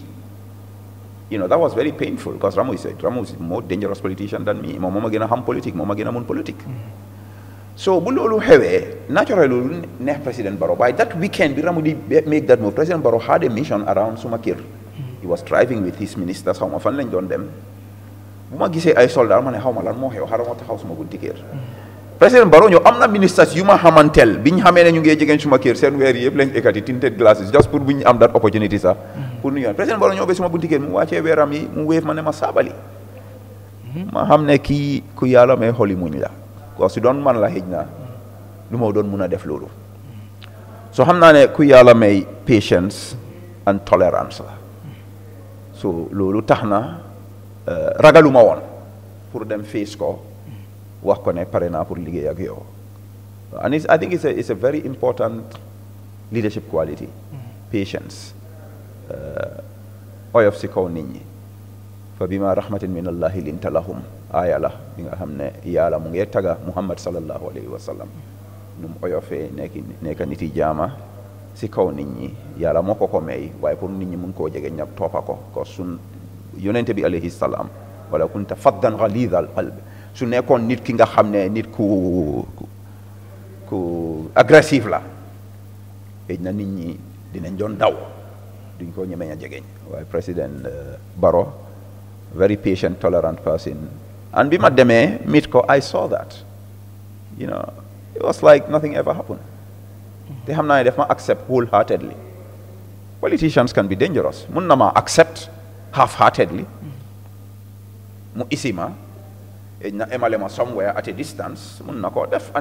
You know, that was very painful because Ramu is, a, Ramu is a more dangerous politician than me. Mama gena ham politic, mama gena mun politic. Mm-hmm. So bulolu hewe, naturally ne President Baro. By that weekend, Ramu did make that move. President Baro had a mission around Sumakir. Mm -hmm. He was driving with his ministers, how often on them. bu ma gisee ay soldats ma ne xaw ma lan moo xew xaaral ma taxaw suma bunti kër président Barrow ñëw am na ministres yu ma xamanteel bi ñu xamee ne ñu ngi jegeen suma kër seen weer yëpp lañ ekkati tinted glasses just pour bu am dat opportunity sax pour nu yoon président Barrow ñëw ba suma bunti kër mu wàccee weeram mu wéef ma ne ma saabali ma xam ne kii ku yàlla may xoli muñ la ko si doon man la xëj naa lu ma doon mun a def loolu so xam naa ne ku yàlla may patience and tolerance la so loolu tax na Eh, ragaluma woon pour dem face ko wax ko ne pare naa pour liggéey ak yow and I think it's a it's a very important leadership quality patience eh, oyof si kaw nit ñi fa bima rahmatin min allahi linta lahum aaya la bi nga xam ne yàlla mu ngi taga muhammad sallallahu alayhi wa sallam nu mu oyofee nekk nekka niti jaama si kaw nit ñi yàlla moo ko ko may waaye pour nit ñi mun koo jege ñab toppa ko ko sun yonent bi alayhi salaam wala kunta faddan ghalidha al qalb su nekkoon nit ki nga xam nit ku ku agressif la E na nit ñi dinañ doon daw duñ ko jegeñ président euh, Baro very patient tolerant person and bima deme mitko ko I saw that you know it was like nothing ever happened They hamna naa def ma accept wholeheartedly politicians can be dangerous mun na accept half-heartedly, Muisima, na somewhere at a distance, and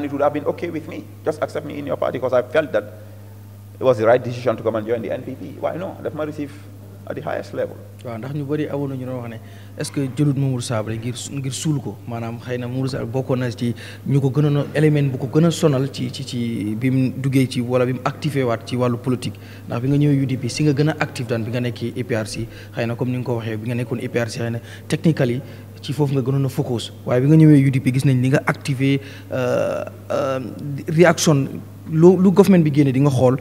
it would have been okay with me. Just accept me in your party because I felt that it was the right decision to come and join the NPP. Why no? Let me receive at the highest level. waaw ndax ñu bëri awoon nañu doon wax ne est-ce que jëlut Mamour Sabally ngir ngir suul ko maanaam xay na Mamour Sabally bokkoon na ci ñu ko gënoon a élément bu ko gën a sonal ci ci ci bi mu duggee ci wala bi mu activé waat ci wàllu politique ndax bi nga ñëwee UDP si nga gën a actif daan bi nga nekk APRC e xëy na comme ni nga ko waxee bi nga nekkoon APRC e xëy na technically ci foofu nga gënoon a focus waaye bi nga ñëwee UDP gis nañ li nga activé euh, euh, réaction lu lu government bi génne di nga xool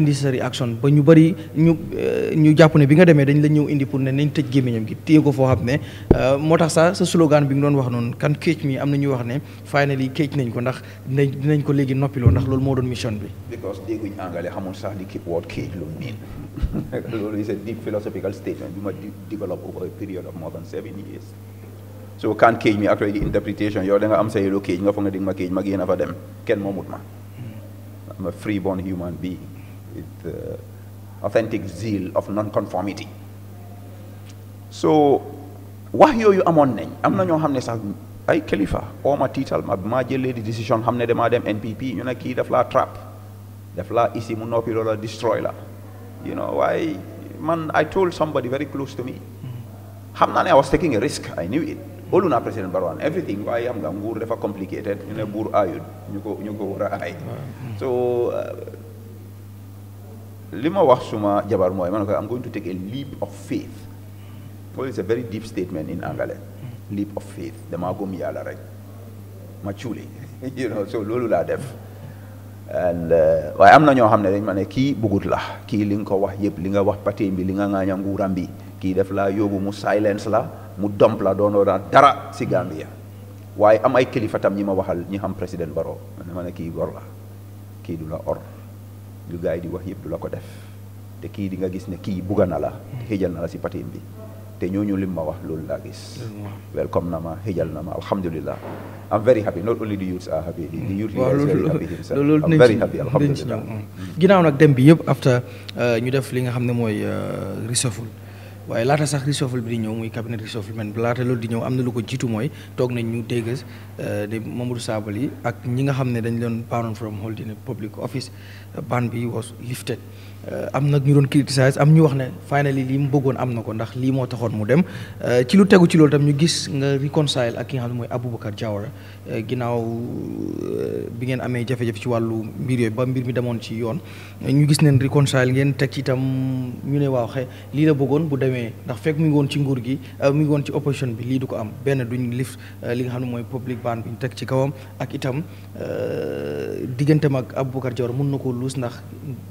indi sa réaction ba ñu bari ñu euh, ñu jàpp ne bi nga demee dañ la ñëw indi pour ne nañ tëj gémmiñam gi téye ko foo xam ne euh, moo tax sa sa slogan bi nga doon wax noonu kan kéej mi am na ñuy wax ne finally kéej nañ ko ndax dinañ dinañ ko léegi noppiloo ndax loolu moo doon mission bi. because dégguñ anglais xamul sax di keep loolu is a deep philosophical statement bi ma develop over a period of more than seven years. so kan cage mi actually the interpretation yow da am sa yellow cage nga foog nga dig ma cage ma génn fa dem kenn moomut ma. Hmm. I'm a free born human being. with authentic zeal of nonconformity. conformity so wax yooyu amoon nañ am I'm not your sax ay kilifa oo ma tiital ma maa jëlee di décision hamne de madam dem NPP ñu ne kii daf laa trap daf laa isi mu noppi loola you know why, man I told somebody very close to me xam I was taking a risk I knew it óolu naa président Barrow and everything waaye xam nga nguur dafa complicated You ne bur ayud. You go you go war a aay so uh, li ma wax suma jabar mooy man ne ko am going to take a leap of faith loolu is a very deep statement rek ma cuuli loolu laa def uh, waaye am na ñoo xam ne dañ ma ne kii bugut la kii li nga ko wax yëpp li nga wax pateem bi li nga ŋaaña nguuram bi kii def laa yóbbu mu silence la mu domp la doonoo dara si Gambia waaye am ay kilifa tam ñi ma waxal ñi xam président Barrow ma ne kii gor la kii du la or lu gars yi di wax yëpp du la ko def te kii di nga gis ne kii bugga na la xëjal na la si patin bi te ñoo ñooñu lim ma wax loolu laa gis welcome na ma xëjal na ma alhamdulillah I'm very happy not only the youths are happy the mm. youth leader is very happy himself I'm very happy alhamdulillah ginnaaw nag dem bi yëpp after uh, ñu def li nga xam ne mooy uh, reshuffle waaye laata sax reshuffle bi di ñëw muy cabinet reshufflement bi laata loolu di ñëw am na lu ko jiitu mooy toog nañ ñu dégg euh, de Mamadou Sabally ak ñi nga xam ne dañ doon banoon from holding public office euh, ban bi was lifted Euh, am nag ñu doon criticiser am ñu wax ne finally lii mu bëggoon am na ko ndax lii moo taxoon mu dem euh, ci lu tegu ci loolu tam ñu gis nga réconcile ak ki xam ne mooy Aboubacar Jawara euh, ginnaaw bi ngeen amee jafe ci wàllu mbir yooyu ba mbir mi demoon ci yoon ñu gis neen réconcile ngeen teg ci itam ñu ne waaw xe lii la bëggoon bu demee ndax fekk mu woon ci nguur gi mu ngi woon ci opposition bi lii du ko am benn duñ li nga xam ne mooy public ban bi ñu teg ci kawam ak itam digganteem ak Aboubacar Jawara mun na ko luus ndax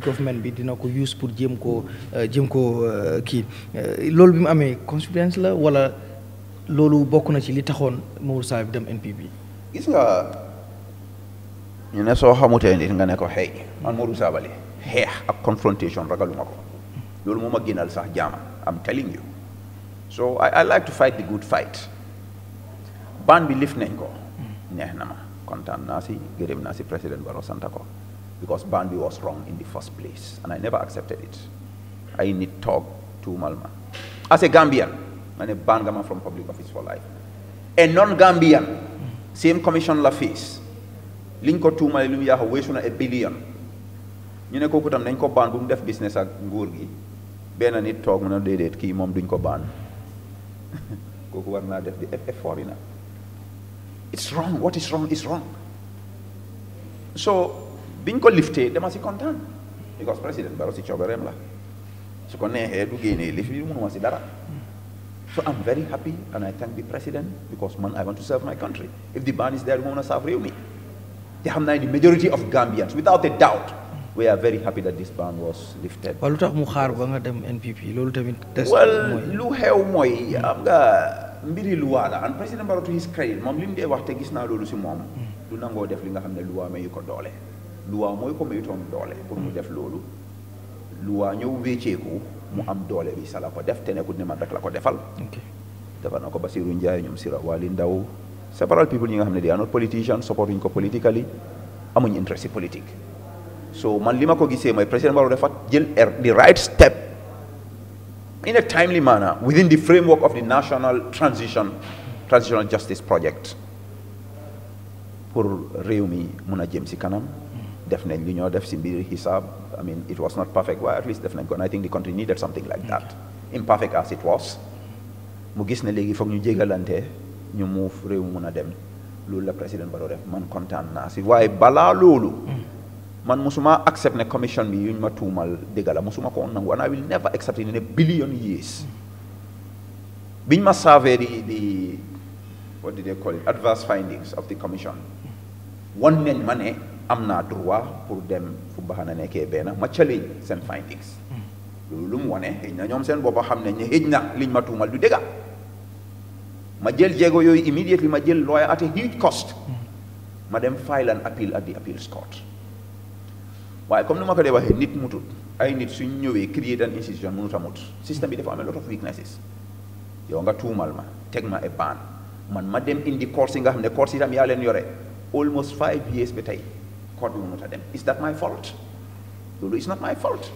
government bi dina ko use pour jéem ko euh, jéem koo euh, kii euh, loolu bi mu amee consultance la wala loolu bokk na ci li taxoon Mamour Sarr bi gis nga ñu ne soo xamutee nit nga ne ko xëy man Mamour Sarr Bally xeex ak confrontation ragaluma ko loolu moom a gënal sax jaama am telling you so I like to fight the good fight ban bi lif nañ ko mm. neex na ma kontaan naa si gërëm naa si président Barrow sant ko because Banbi was wrong in the first place, and I never accepted it. I need talk to Malma. As a Gambian, and a Bangaman from public office for life, a non-Gambian, same commission la fees, linko to my lumia wesuna a billion. You ne kooku tam dañ ko baan def business ak nguur gi benn nit toog mu ne déedéet kii moom duñ ko baan def foreigner. it's wrong what is wrong is wrong so biñ ko liftee dama si kontaan because président Barrow si coobareem la su ko neexee du génnee lift bi mënuma si dara so am very happy and I thank the president because man I want to serve my country if the ban is there moom na saaf réew mi te xam naa ni majority of Gambians without a doubt we are very happy that this ban was lifted. waaw lu tax mu xaar ba nga dem NPP loolu tamit. test well lu xew mooy am nga. mbiri luwaa la and président Barrow to his moom li mu wax te gis naa loolu si moom du nangoo def li nga xam ne luwaa mayu ko doole luwa mooy ko may tom doole pour mu mm. def loolu luwa ñëw wécceeku mu am doole bi sala ko def te ko ne man rek la ko defal dafa na ko Basiru Njaay ñoom Sira Waali Ndaw several people ñi nga xam ne they politician support ñu ko politically amuñ interest politique so man li ma ko gisee mooy président baro defat jël di er, right step in a timely manner within the framework of the national transition transitional justice project pour réew mi mun a jëm si kanam def nañ li ñoo def si mbiri xisaab I mean it was not perfect waaye at least def nañ ko and I think the country needed something like that imperfect as it was mu gis ne léegi foog ñu jégalante ñu muuf réew mu mun a dem loolu la président Barrow def man kontaan naa si waaye balaa loolu mm. man musuma accept ne commission bi ñu ma tuumal dëgg la musuma ko nangu and I will never accept in a billion years mm. biñ ma serve di di what did they call it adverse findings of mm. ma ne am naa droit pour dem fu baxana nekkee benn ma challenge seen findings loolu lu mu wane xëj na ñoom seen boppa xam ne ñu xëj na liñ ma tuumal du dëgga ma jël jego yooyu immediately ma jël lawyer at a huge cost ma dem file an appeal at the appeals court waaye comme ni ma ko dee waxee nit mutut ay nit suñ ñëwee create an institution mënut a mut système bi dafa amee lot of weaknesses yow nga tuumal ma teg ma e baan man ma dem indi course yi nga xam ne course yi tam yaa leen yore almost five years ba tey court bi a dem is that my fault loolu is not my fault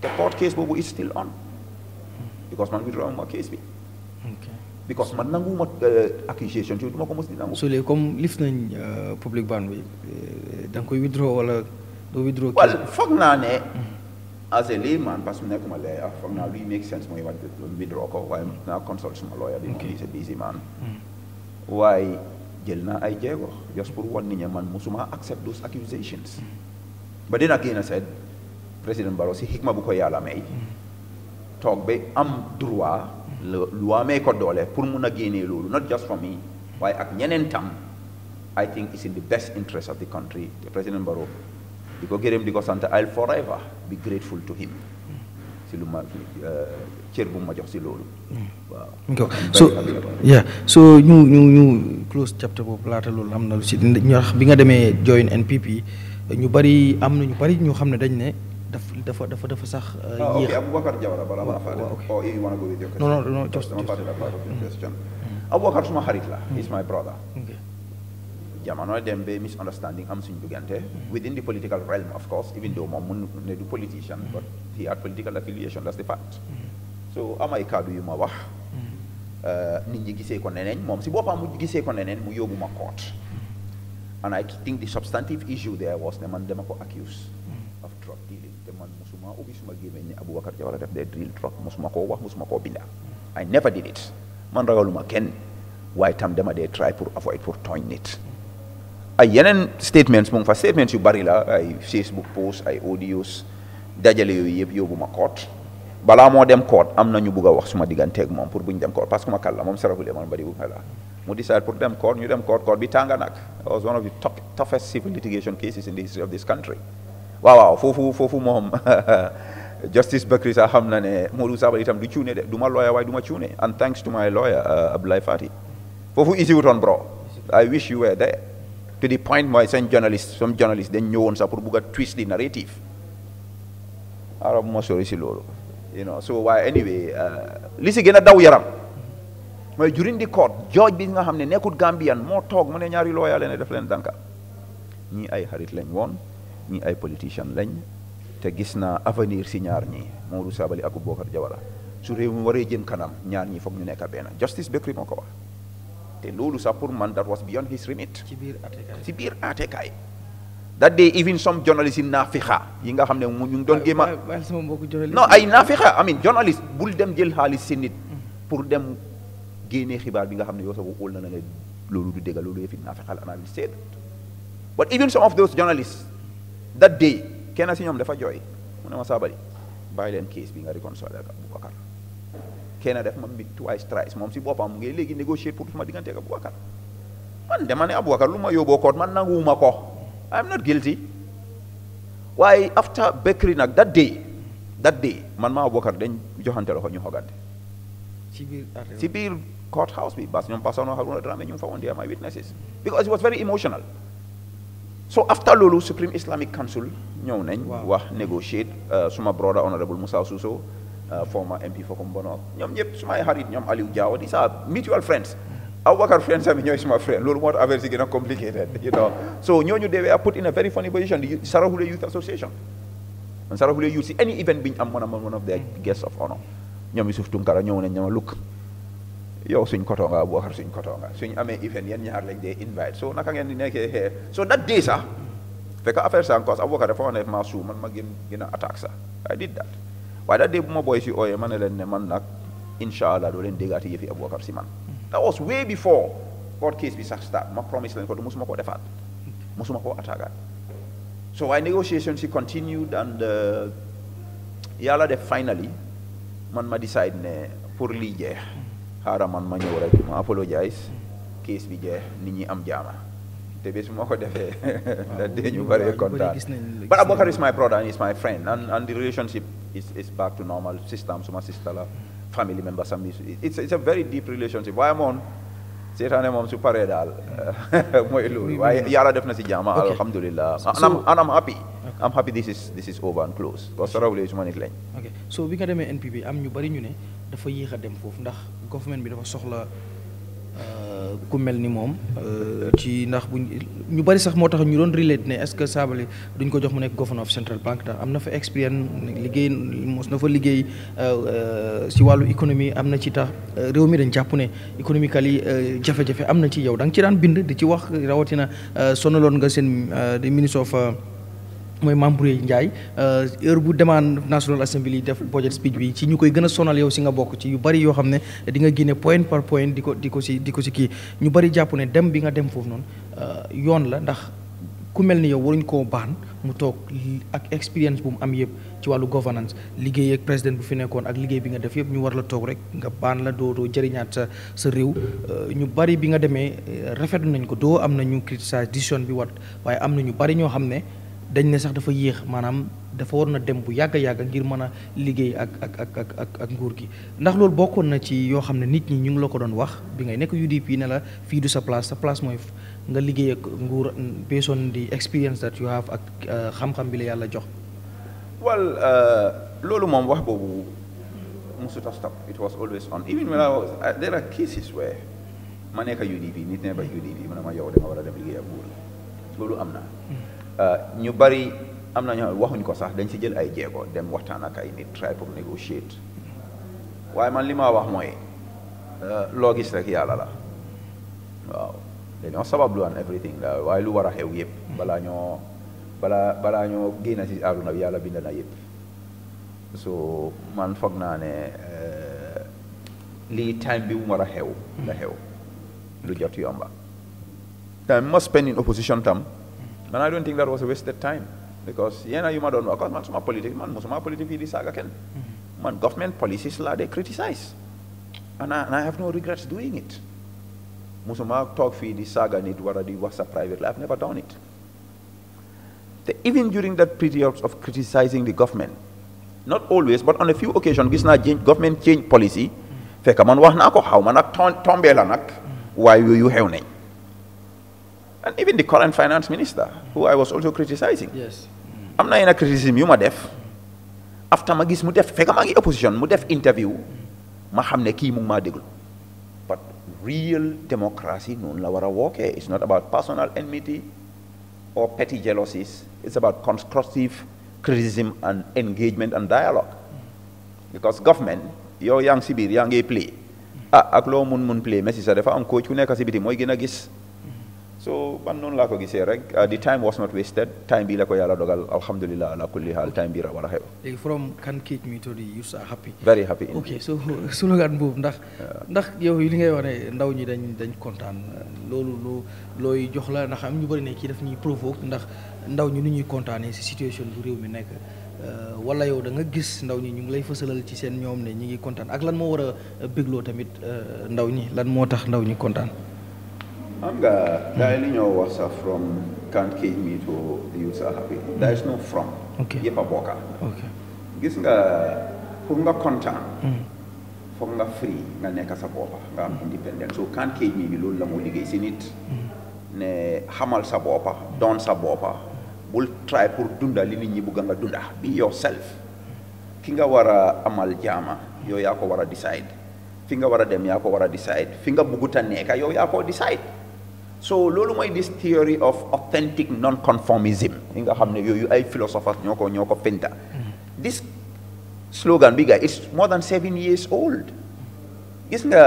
te court case boobu is still on because man withdraw uh, ma ma ko mos di comme lif nañ uh, public ban bi uh, da koy withdraw wala doo withdraw. wala foog naa ne. Mm-hmm. as a layman parce que nekkuma lawyer foog naa luy make sense mooy withdraw ko waaye naa consult suma lawyer. ok di moom is a busy man mm-hmm. jël naa ay jéego just pour wan nit ñi man musuma accept those accusations ba dina génn said président Barrow si xikma bu ko yàlla may toog ba am droit lu amee ko doole pour mun a génnee loolu not just for me waaye ak ñeneen tam I think it's in the best interest of the country te président Barrow di ko gërëm di ko sant I'll forever be grateful to him si lu ma eh, cër bu ma jox si loolu. waaw so yeah so ñu ñu ñu close chapter boobu laata loolu am na lu si ñax bi nga demee join NPP ñu bari am na ñu bari ñu xam ne dañ ne dafa dafa dafa sax. yéex uh, ah ok Aboubacar Jawara balaa maa oh, fàtte. oh you wanna go with your question. non non non suma xarit la. he is mm. my brother. jamono dem ba misunderstanding am suñu duggante mm. within the political realm of course even though moom mun ne du politician mm. but he had political affiliation that's the fact so am ay kàddu yu ma wax mm-hmm. uh, nit ñi gisee ko neneen moom si boppam mu gisee ko neneen mu yóbbu ma court mm-hmm. and I think the substantive issue there was ne man dama ko accuse mm-hmm. of drug dealing te man musuma ubbi suma gémmiñ ni Aboubacar Jawara def dee drill drug musuma koo wax musuma koo binda I never did it man ragaluma kenn waaye tam dama dee try pour avoid pour tooñ nit ay yeneen statements mu ngi fa statements yu bari la ay Facebook post ay audios dajale yooyu yëpp yóbbu ma court balaa moo dem koot am na ñu bugg a wax suma digganteeg moom pour bu ñu dem koot parce que ma kàlla moom Seraphule man bari bu la mu decide pour dem koot ñu dem koot koot bi tànga nag it was one of the top civil litigation cases in this country waaw waaw foofu foofu moom justice Bakri sax xam na ne Modou Sabali itam du cuune de duma ma lawyer waaye du ma cuune and thanks to my lawyer uh, Abdoulaye Fati foofu easy wutoon bro I wish you were there to the point mooy seen journaliste ñëwoon sax pour bugg a twist the narrative arab ma sori si loolu you so waaye anyway uh, li si gën a daw yaram mooy jurin di court jooj bi nga xam ne nekkut Gambian moo toog mu ne ñaari looya leen def leen danka ñii ay xarit lañ woon ñii ay politician lañ te gis na avenir si ñaar ñi Momodou Sabally ak Boubacar Jawara su réew mi waree jëm kanam ñaar ñi foog ñu nekk benn justice Bekri moo ko wax te loolu sax pour man that was beyond his remit ci biir àttekaay that day even some journalists in naafixa yi nga xam ne mu ñu ngi doon gémma no ay naafixa I mean journalist bul dem jël xaalis si nit pour dem génnee xibaar bi nga xam ne yow sax wóol na ne loolu du dëgg loolu yëfi naafixa la analyse seet but even some of those journalists that day kenn si ñoom dafa jooy mu ne ma saabali bàyyi leen case bi nga réconcilier ak Aboubacar kenn def ma mbit twice thrice moom si boppam mu ngi léegi négocier pour suma diggante ak Aboubacar man dama ne Aboubacar lu ma yóbboo koot man nanguwuma ko I'm not guilty. Why, after Bekri nag that day, that day, man ma bokkar dañ joxante loxo ñu xogante. ci courthouse bi parce que pasano Haruna Dramé ñu ngi fa they are my witnesses because it was very emotional. so after Lulu Supreme Islamic Council nyom nañ. wah negotiate uh, suma brother honorable Musa Suso uh, former MP for Kombono nyom ñëpp sumay xarit nyom Aliou Diaw di sa mutual friends. Abubakar friends am ñooy suma friend loolu moo tax affaire si gën a complicated you know so ñooñu they were put in a very funny position Sarahule Youth Association man Sarahule Youth si any event bi ñu am man am one of their mm. guests of honor ñoom Yusuf Tunkara ñëw nañ ñama lukk yow suñ koto nga Abubakar suñ koto nga suñ amee event yan ñaar lañ dee invite so naka ngeen di nekkee xee so that day sax fekk affaire sa encore Abubakar dafa wax ne maa man ma gën gën a attaque sax I did that waaye that day ma booy si ma ne leen oh, ne man nag incha allah doo leen déggaati yëfi Abubakar si man That was way before God case bisa start. my promise lang ko musuma ko defat. Musuma ko ataga. So our negotiations he continued and uh, yalla de finally man ma decide ne pour lije hara man ma ñew rek ma apologize case bi jeex nit ñi am jaama te bes ma ko defé da deñu bare contact but abubakar is my brother and is my friend and, and the relationship is, is back to normal system suma sister la mm -hmm family members It's, it's a very deep relationship. Waaye moom am on, su paree daal mooy loolu waaye yàlla def na si alhamdulillah and I'm happy I'm happy this is this is over and close because ok so we can demee NPP am new. Barin ñu ne dafa yéex a dem foofu the government bi dafa soxla Euh, ku mel ni moom euh, ci ndax bu ñu bari sax moo tax ñu doon relate ne est-ce que Sabaly duñ ko jox mu nekk governor of Central Bank ndax am na fa expérience liggéey mos na fa liggéey si euh, wàllu économie am na ci tax réew mi dañ jàpp ne économically jafe-jafe am na ci yow da nga ci daan bind di ci wax rawatina sonaloon nga seen di ministre of mooy membre yi Ndiaye euh, heure bu demande National Assembly def budget speech bi ci ñu koy gën a sonal yow si nga bokk ci yu bari yoo xam ne di nga génne point par point di ko di ko si di ko si kii ñu bari jàpp ne dem bi nga dem foofu noonu euh, yoon la ndax ku mel ni yow waruñ koo baan mu toog ak expérience bu mu am yëpp ci wàllu governance liggéey ak président bu fi nekkoon ak liggéey bi nga def yëpp ñu war la toog rek nga baan la doo doo jëriñaat sa sa réew euh, ñu bari bi nga demee rafetlu nañ ko doo am na ñu criticiser décision bi wat waaye na ñu bari ñoo xam ne dañ ne sax dafa yéex maanaam dafa waroon a dem bu yàgg a yàgg ngir mën a liggéey ak ak ak ak ak ak nguur gi ndax loolu bokkoon na ci yoo xam ne nit ñi ñu ngi la ko doon wax bi ngay nekk UDP ne la fii du sa place sa place mooy nga liggéey ak nguur based on the experience that you have ak euh, xam-xam bi la yàlla jox. well euh, loolu moom wax boobu musuta stop it was always on even when I was uh, there are cases where ma nekk UDP nit ne ba UDP ma ne ma yow dama war a dem liggéey ak nguur loolu am na. Euh, ñu bari am na ñoo waxuñ ko sax dañ si jël ay jéego dem waxtaan ak ay nit try pour negotiate waaye man li ma wax mooy euh, loo gis rek yàlla la waaw dañoo sabab lu an everything la waaye lu war a xew yëpp balaa ñoo balaa balaa ñoo génn si àdduna bi yàlla bind na so man foog naa ne euh, lii time bi mu war a xew la xew lu jot yomba time ma spend in opposition tam man I don't think that was a wasted time because yena yuma don waka man some politique man some politics yi di saga ken mm-hmm. man government policies la they criticize and I, and I have no regrets doing it musuma talk fi di saga nit wara di wax sa private life never done it the, even during that period of criticizing the government not always but on a few occasions gis na government change policy mm. fekk man wax naa ko xaw ma nag tombee la nag mm and even the current finance minister, who I was also criticizing. Yes. am in a criticism you, Madef. def after Magis, gis mu Magi, opposition mudef interview ma xam mu but real democracy noonu la war a it's not about personal enmity or petty jealousies it's about constructive criticism and engagement and dialogue because government your yaa ngi si play ah aklo mun mun play mais si sa dafa am coach ku nekk biti gis so man noonu laa ko gisee rek ah, the time was not wasted time bi la ko yàlla dogal alhamdulilah ala kulli haal time bi la war a xew. léegi from kan kéej mi to the youths are a very happy ok so sunu at boobu ndax. ndax yow li ngay wax ne ndaw ñi dañ dañ kontaan loolu loo looy jox la ndax am ñu bëri ne kii def ñuy provoque ndax ndaw ñi nu ñuy kontaanee si situation bu réew mi nekk. Euh, wala yow da nga gis ndaw ñi ñu ngi lay fësalal ci seen ñoom ne ñi ngi kontaan ak lan moo war a bégloo tamit euh, ndaw ñi lan moo tax ndaw ñi kontaan. xam nga gars yi li from can't keep me to the user happy there is no from yëpp a bokka gis nga pour nga Mm. foog nga free nga nekk sa boppa nga am mm. independent so can't keep me bi loolu la gis liggéey si nit mm. ne xamal sa boppa doon sa boppa bul try pour dunda li nit ñi nga dunda be yourself Kinga nga war a amal jama. Yo yaa ko war a decide fi nga war a dem yaa ko war a decide fi nga neka a yako yaa decide so loolu mooy this theory of authentic nonconformism li nga xam ne yooyu ay philosophers ñoo ko penta mm-hmm. this slogan bigger it's more than seven years old gis nga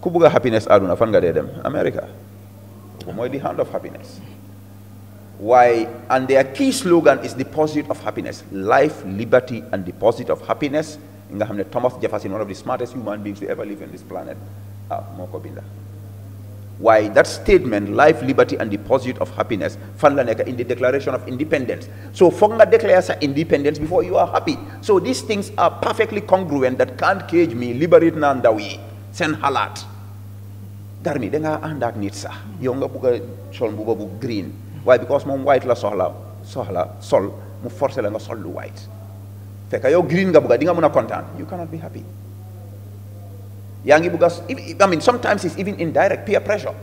ku "kubuga happiness aduna fan nga dee dem America mooy the hand of happiness why and their key slogan is the pursuit of happiness life liberty and the pursuit of happiness nga xam Thomas Jefferson one of the smartest human beings to ever live on this planet ah moo binda why that statement, life, liberty, and the pursuit of happiness, Fanlaneka in the Declaration of Independence. So Fonga declares independence before you are happy. So these things are perfectly congruent that can't cage me, liberate nandawi, send halat. Garmi, denga andak nitsa. Yonga buga sol buga bu green. Why? Because mom white la sohla, sohla, sol, mu force la nga sol white. Feka yo green ga buga, dinga muna content. You cannot be happy yaa ngi bëgg mean sometimes it's even indirect peer pressure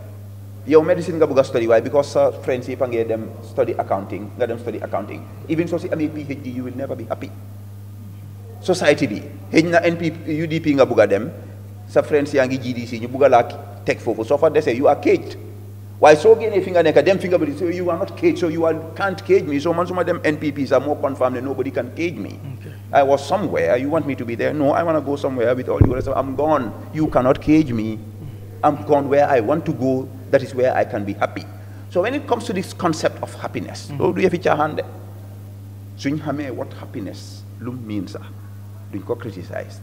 Your medicine nga bëgg study why? because uh, friends yi fa ngee dem study accounting nga them study accounting even soo I mean, PhD you will never be happy society be. Hejna na NP UDP nga bëgg dem sa friends yangi GDC ñu buga a laa teg So far they say you are caged finger fingernecker them finger, but you are not caged so you are, can't cage me so man some of them npps are more confirmed that nobody can cage me okay. i was somewhere you want me to be there no i want to go somewhere with all you i'm gone you cannot cage me i'm gone where i want to go that is where i can be happy so when it comes to this concept of happiness mm -hmm. do you feature hand in xamé what happiness lum means do duñ ko criticize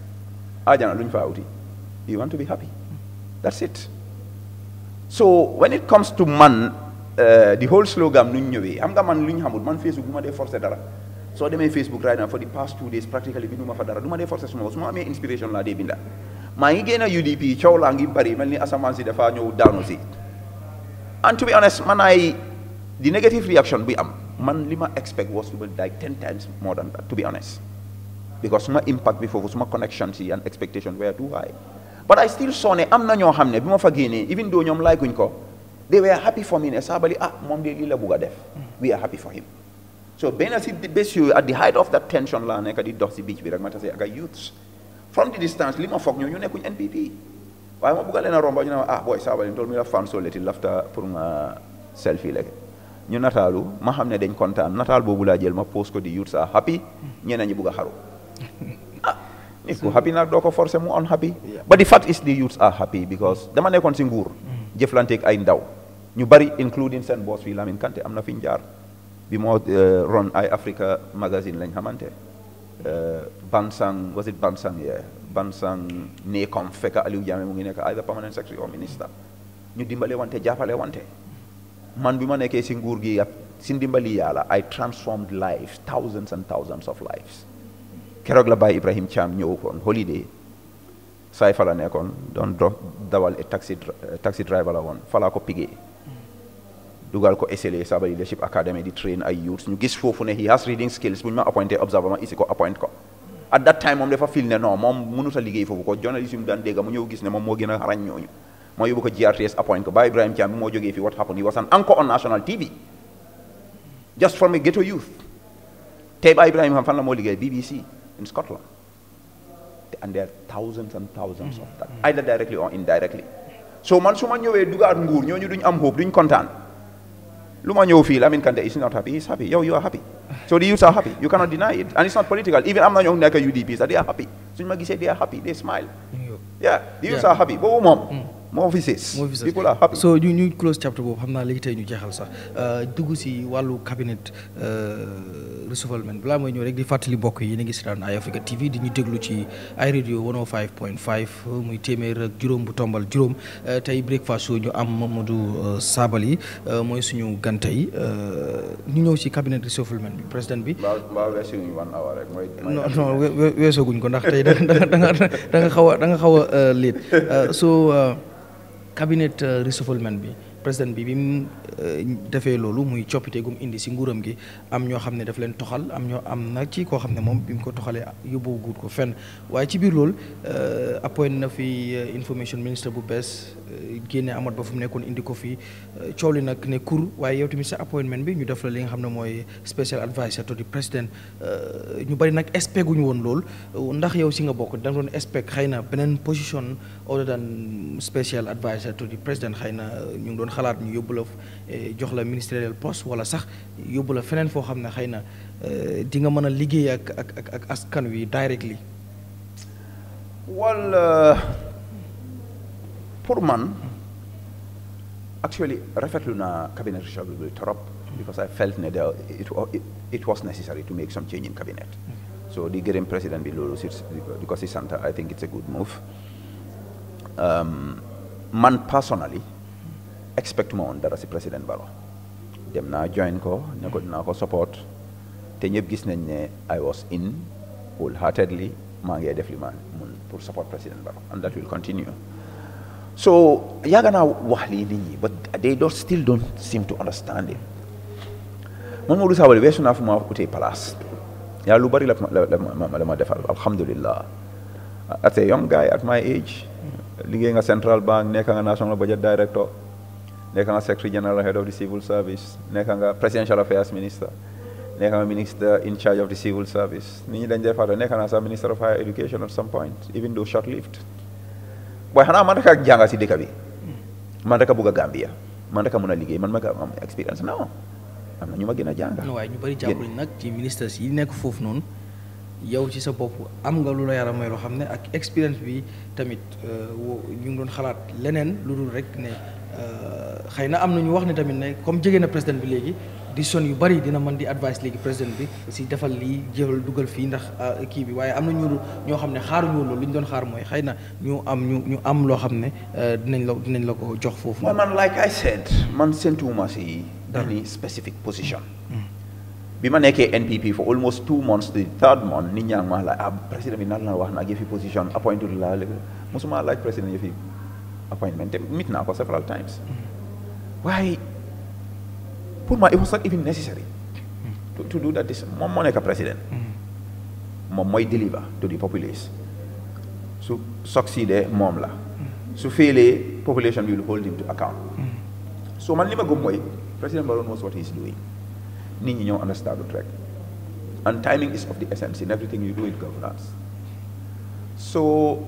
ajana ah, luñ fa you want to be happy that's it so when it comes to man uh, the whole slogan nu ñu ñëwee am nga man lu ñu xamul man Facebook bu ma dee forcé dara soo demee Facebook right now for the past two days practically bi nu ma fa dara du ma dee forcé suma ko ma inspiration laa dee binda maa ngi génn UDP coow laa ngi bari mel ni asamaan si dafa ñëw daanu si and to be honest man ay the negative reaction bi am man li ma expect was to be like ten times more than that to be honest because suma impact bi foofu suma connection si and expectation were too high but I still saw ne am na ñoo xam ne bi ma fa génnee even though ñoom laaykuñ ko they were happy for me ne Sabally ah moom de lii la bugg def we are happy for him so benn at the height of that tension laa nekk di dox si beach bi rek ma tase ak ay youths from the distance li ma foog ñoo ñu NPP waaye ma bugg a leen a romba ñu ne ma ah booy Sabally tool mi la fan soleti lafta pour nga selfie lek ñu nataalu ma xam ne dañ kontaan nataal boobu laa jël ma post ko di youths are happy ñeneen ñi bugg a xaru nit ku happy naa doo ko forcé mu unhappy but the fact is the youths are happy because dama nekkoon si nguur mm. jëflanteek ay ndaw ñu bari including seen boss fii Lamin Kanté am na fi njaar bi moo euh, ron ay Africa magazine lañ xamante euh, Bansang was it Bansang yeah Bansang neekom fekk Aliou Jammeh mu ngi nekk either permanent secretary or minister ñu dimbale wante jàppale wante man bi ma nekkee si nguur gi si ndimbali yàlla I transformed lives thousands and thousands of lives keroog la Baye Ibrahim Thiam ñëw koon holiday saay fa la nekkoon doon do dawal e taxi e taxi driver la woon falaa ko pigee dugal ko SLA Sabal Leadership Academy di train ay youths gis foofu ne he has reading skills bu ñu ma appointé observer ma isi ko appoint ko at that time moom dafa fil ne non moom mënut a liggéey foofu ko journaliste yu mu daan dégg mu ñëw gis ne moom moo gën a xarañ moo yóbbu GRTS appoint ko Baye Ibrahim Thiam bi moo jógee fii what happened he was in Scotland. and there are thousands and thousands of that either directly or indirectly so man su ma ñëwee dugaat nguur ñooñu duñ am hope duñ kontaan lu ma ñëw fii Lamin Kante is not happy he is happy yow you are happy so the youths are happy you cannot deny it and it's not political even am na ñoo nekk UDP sax they are happy suñ ma gisee they are happy they smile yeah the youths are happy boobu moom mm. moo fi sees so ñu ñu close chapter boobu xam naa léegi tey ñu jeexal sax euh, dugg si wàllu cabinet euh, reshufflement balaa mooy ñëw rek di fàttali mbokk yi yéen a ngi seetaan Eye Africa TV di ñu déglu ci Eye Radio 105.5 muy téeméer ak juróom bu tombal juróom euh, tey breakfast show ñu am Mamadou Sabally mooy suñu gantey ñu ñëw ci cabinet reshufflement bi président bi. mbaa weesuñu weesooguñ ko ndax tey da nga da nga xaw a da nga xaw a léet so. cabinet euh, reshufflement bi président bi bi mu euh, defee loolu muy coppite gum indi si nguuram gi am ñoo xam ne daf leen toxal am ñoo am na ci koo xam ne moom bi mu ko toxalee yóbbu guut ko fenn waaye ci biir loolu euh, appoint na fi information ministre bu bees génne amat ba fu mu nekkoon indi ko fii coow li nag ne kur waaye yow tamit sa appointment bi ñu def la li nga xam ne mooy special advisor to the president euh, ñu bari nag expect gu ñu woon lool ndax yow si nga bokk da nga doon expect xëy na beneen position other than special advisor to the president xëy na euh, ñu ngi doon xalaat ñu yóbbu la euh, jox la ministerial post wala sax yóbbu la feneen foo xam ne xëy na di nga mën a liggéey ak ak ak askan wi directly wala pour man actually to the cabinet reshuffle. with torop because I felt that it, it was necessary to make some change in cabinet mm-hmm. so the gërëm président bi loolu si di ko I think it's a good move um, man personally expect more that as a président Barrow dem naa join ko ne ko support te ñëpp gis I was in wholeheartedly maa definitely def for support président Barrow and that will continue so yàgg naa wax lii nit ñi but they don't still don't seem to understand it man Modou Sabally weesu naa fu ma utee place yàlla lu bari la ma la ma defal alhamdulillah as a young guy at my age liggéey nga Central Bank nekka nga National Budget Director nekka nga Secretary General Head of the Civil Service nekka nga Presidential Affairs Minister nekk na ministre in charge of the civil service nit ñi dañ ne fàtte nekk naa sax minister of higher education at some waaye xanaa man rek a jànga si dëkk bi man rek a bugg Gambia man rek a mun a liggéey man ma am expérience non am na ñu ma gën a jànga. waaye ñu bari jàppale nag ci ministres yi nekk foofu noonu yow ci sa bopp am nga lu la yàlla may loo xam ne ak expérience bi tamit euh, ñu ngi doon xalaat leneen lu dul rek ne. Euh, xëy na am na ñu wax ne tamit ne comme jege na président bi léegi décision yu bari dina mën di advice léegi président bi si defal li jëlal dugal fii ndax euh, kii bi waaye am na ñu ñoo xam ne xaaruñu loolu li ñu doon xaar mooy xëy na ñu am ñu ñu am loo xam ne euh, dinañ la dinañ la ko jox foofu. waaw man like I said man séntuwuma si dañuy hmm. specific position. Hmm. bi ma nekkee NPP for almost two months the third month nit ñaa ngi ma la ah président bi nan la wax na ak yëfi position appointed la léegi mosuma laaj président yëfi. appointment, they meet now for several times. Mm. Why? Puma, it was not even necessary to, to do that. This a president, Momoy deliver to the populace. So succeed eh, mom la. So fail eh, population will hold him to account. So man lima gumoy, President Baron knows what he's doing. Ni understand the track. And timing is of the essence in everything you do in governance. So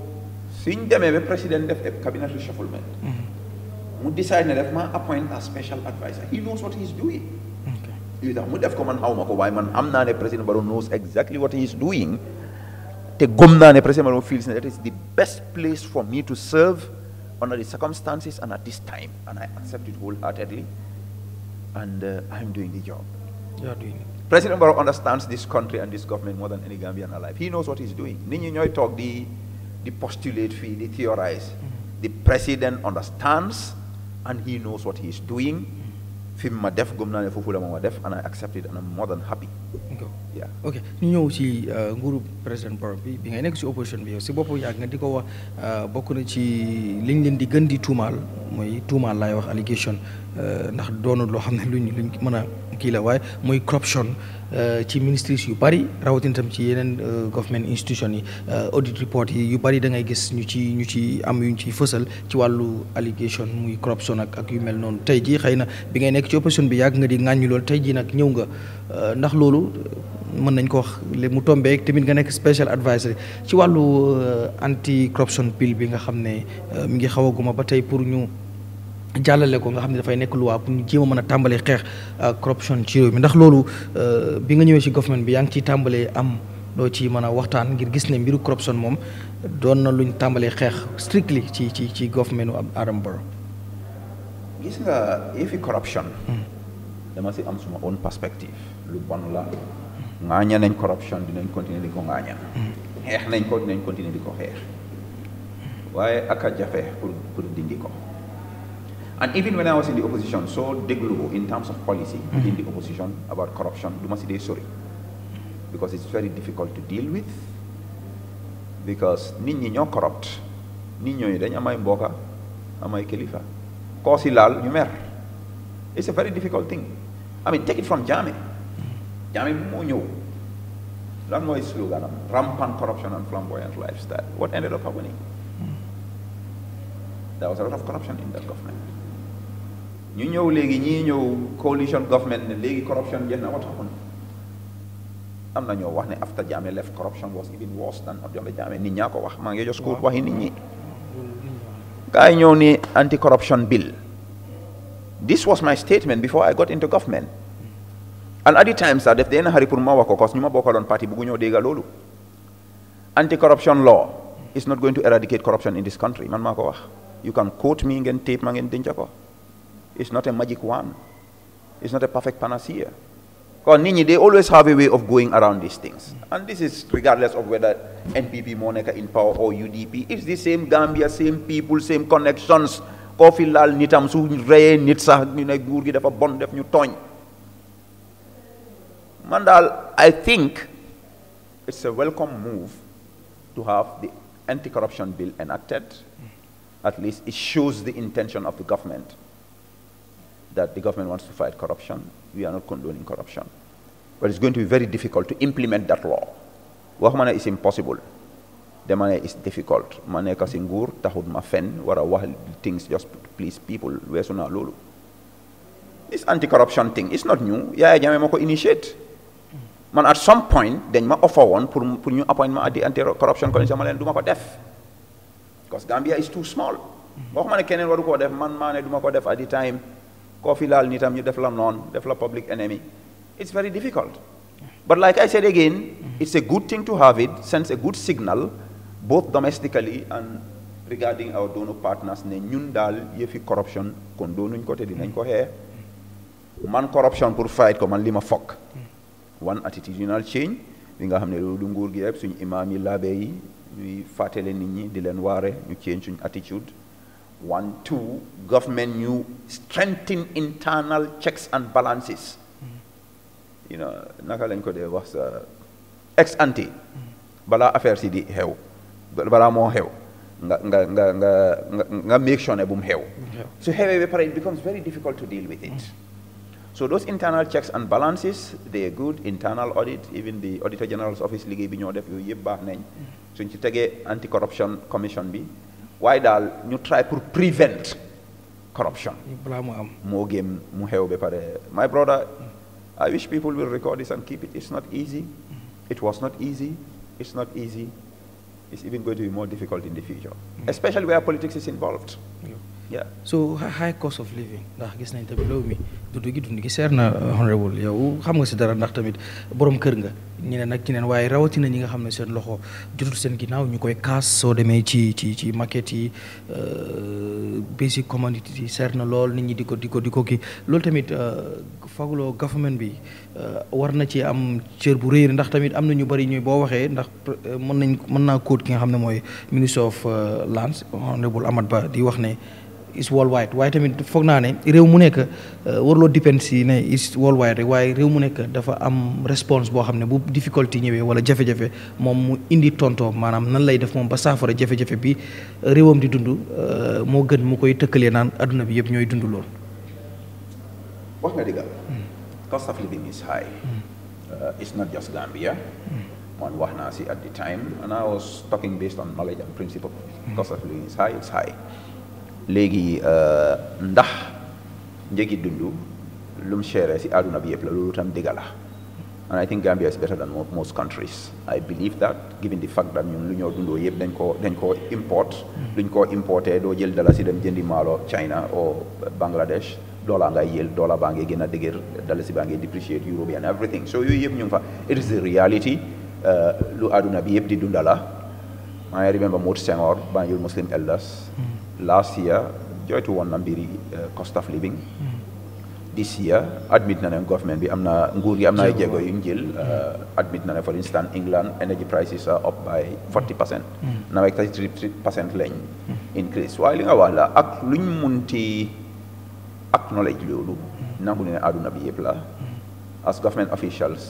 suñ demee ba président def cabinet reshufflement mu décide ne def ma appoint a special adviser he knows what he is doing lii tax mu def ko man xaw ko waaye man am naa ne président Barrow knows exactly what he is doing te gëm naa ne président Barrow feels that that is the best place for me to serve under the circumstances and at this time and I accept it wholeheartedly and uh, I'm doing the job. You are doing it. President Barrow understands this country and this government more than any Gambian alive. He knows what he's doing. ñi ñooy toog di the postulate fee, the theorize. Mm -hmm. The president understands and he knows what he is doing. film ma def gëm naa ne foofu la and I accept it and I'm more than happy. yeah ok ñu ñëw ci uh, nguuru président Barrow bi bi ngay nekk ci opposition bi yow ci bopp yàgg nga di ko wax uh, bokk na ci liñ leen di gën di tuumaal mooy tuumaal laay wax allégation uh, ndax doonul loo xam ne luñ luñ mën a kii la waaye muy corruption euh, ci ministries yu bari rawatina tam ci yeneen euh, government institution yi euh, audit report yi yu bari da ngay gis ñu ci ñu ci am yuñ ci fësal ci wàllu allégation muy corruption ak ak yu mel noonu tey jii xëy na bi ngay nekk ci opposition bi yàgg nga di ŋàññi loolu tey ji nag ñëw nga ndax loolu mën nañ ko wax li mu tombee tamit nga nekk special adviser ci wàllu anti corruption bill bi nga xam ne mi ngi xaw a ba tey pour ñu. jàllale ko nga xam ne dafay nekk loi pour ñu jéem a mën a tàmbalee xeex euh, corruption ci réew mi ndax loolu euh, bi nga ñëwee ci government bi yaa ngi ciy tàmbalee am loo ci mën a waxtaan ngir gis ne mbiru corruption moom doon na luñ tàmbalee xeex strictly ci ci ci government ab Adama Barrow gis nga yëfi corruption hmm. dama si am suma own perspective lu bon la ŋaaña nañ corruption dinañ continuer di ko ŋaaña hmm. xeex nañ ko dinañ continuer di ko xeex waaye ak a jafe pour pour dindi ko And even when I was in the opposition, so De in terms of policy mm-hmm. within the opposition about corruption, you must say sorry. Because it's very difficult to deal with. Because ñi ñoo corrupt. ni ñooñu dañ am ay mbokka kosi lal kilifa. it's a very difficult thing. I mean, take it from Jami. Jami Munyo. moo ñëw. slogan rampant corruption and flamboyant lifestyle. what ended up happening? Mm-hmm. There was a lot of corruption in that government. ñu ñëw léegi ñii ñëw coalition government ne léegi corruption jeex na am na ñoo wax ne after Jammeh left corruption was even worse than Abdoulaye Jammeh nit ñaa ko wax maa ngi just quote waxi nit ñi gaa yi ñëw ni anti corruption bill this was my statement before I got into government and at the time sax def dee na xari pour ma wax ko cause ñu ma bokkaloon parti bu ñoo dégga loolu anti corruption law is not going to eradicate corruption in this country man maa ko wax you can quote me ngeen tape ma ngeen denc It's not a magic wand. It's not a perfect panacea. Because Nini, they always have a way of going around these things. And this is regardless of whether NPP Monica in power or UDP. It's the same Gambia, same people, same connections. Kofi lal nitam su nit sax ñu dafa bon def I think it's a welcome move to have the anti-corruption bill enacted. At least it shows the intention of the government that the government wants to fight corruption. We are not condoning corruption. But it's going to be very difficult to implement that law. waxuma ne it's impossible dama ne it's difficult ma nekk si nguur taxut ma fen war a wax things just to please people weesu naa loolu this anti corruption thing it's not new Yaya Jammeh moo ko initiate man at some point dañ ma offer woon pour pour ñu appointment at the anti corruption commission ma leen du ma ko def because Gambia is too small waxuma ne keneen waru koo def man maa ne du def at koo fi laal nitam ñu def la noon def la public enemy it's very difficult but like I said again it's a good thing to have it sends a good signal both domestically and regarding our donor partners ne ñun daal yëfi corruption kon doonuñ ko te dinañ ko xee man corruption pour fight ko man li ma fokk one attitudinal change bi nga xam ne loolu nguur gi yëpp suñu imaam yi laabe yi ñuy fàttale nit ñi di leen waare ñu change suñu attitude One, two, government new strengthen internal checks and balances. you know naka lañ ko dee ex ante balaa affaire si di xew bala moo xew nga nga nga nga nga make sure ne bu So xew su it becomes very difficult to deal with it mm. so those internal checks and balances they are good internal audit even the auditor general's office liggéey bi ñoo def yooyu yëpp baax mm. anti corruption commission be. Why do ñu try pour prevent corruption am gëm mu xew pare my brother I wish people will record this and keep it it's not easy it was not easy it's not easy it's even going to be more difficult in the future mm. especially where politics is involved yeah so high cost of living ndax gis nañ tamit loolu mi dund gi dund gi seer na uh, honorable yow xam nga si dara ndax tamit borom kër nga ñeneen nag ñeneen waaye rawatina ñi nga xam ne seen loxo jotul seen ginnaaw ñu koy kaas soo demee ci ci ci market yi uh, basic commodity yi seer na lool nit ñi di ko di ko di ko kii loolu tamit uh, faguloo government bi war na ci am cër bu réer ndax tamit am na ñu bëri ñuy boo waxee ndax mën nañ mën naa kóot ki nga xam ne mooy ministre of lands honorable Amat Bah wax ne is worldwide waaye tamit foog naa ne réew mu nekk euh, warloo dépend si ne is worldwide rek waaye réew mu nekk dafa am response boo xam ne bu difficulté ñëwee wala jafe-jafe moom mu indi tontoo maanaam nan lay def moom ba saafara jafe-jafe bi réewam di dund euh, moo gën mu koy tëkkalee naan àdduna bi yëpp ñooy dund lool. wax nga hmm. hmm. uh, hmm. wax naa si at the time and I was talking based on léegi euh, ndax njëgi dund lu mu si àdduna bi yëpp la loolu tam dëgg la and I think Gambia is better than most countries I believe that given the fact that ñun lu ñoo dundoo yëpp dañ koo dañ koo import luñ koo importé doo jël si dem jëndi maalo China o Bangladesh dollar ngay yël doola baa ngi gën a dëgër si baa ngi depreciate euro bi and everything so yooyu yëpp ñu fa it is the reality euh, lu àdduna bi yëpp di dunda la I remember Mot Senghor Banjul Muslim Elders mm. last year joytu woon na mbiri eh, cost of living hmm. this year admit na ne government bi am na nguur yi am na ay jéego yu ñu jël eh, admit na ne for instance England energy prices are up by 40 percent na way 33 lañ increase hmm. waaye li nga wax la ak luñ munti acknowledge loolu hmm. nangu ne àdduna bi yëpp la as government officials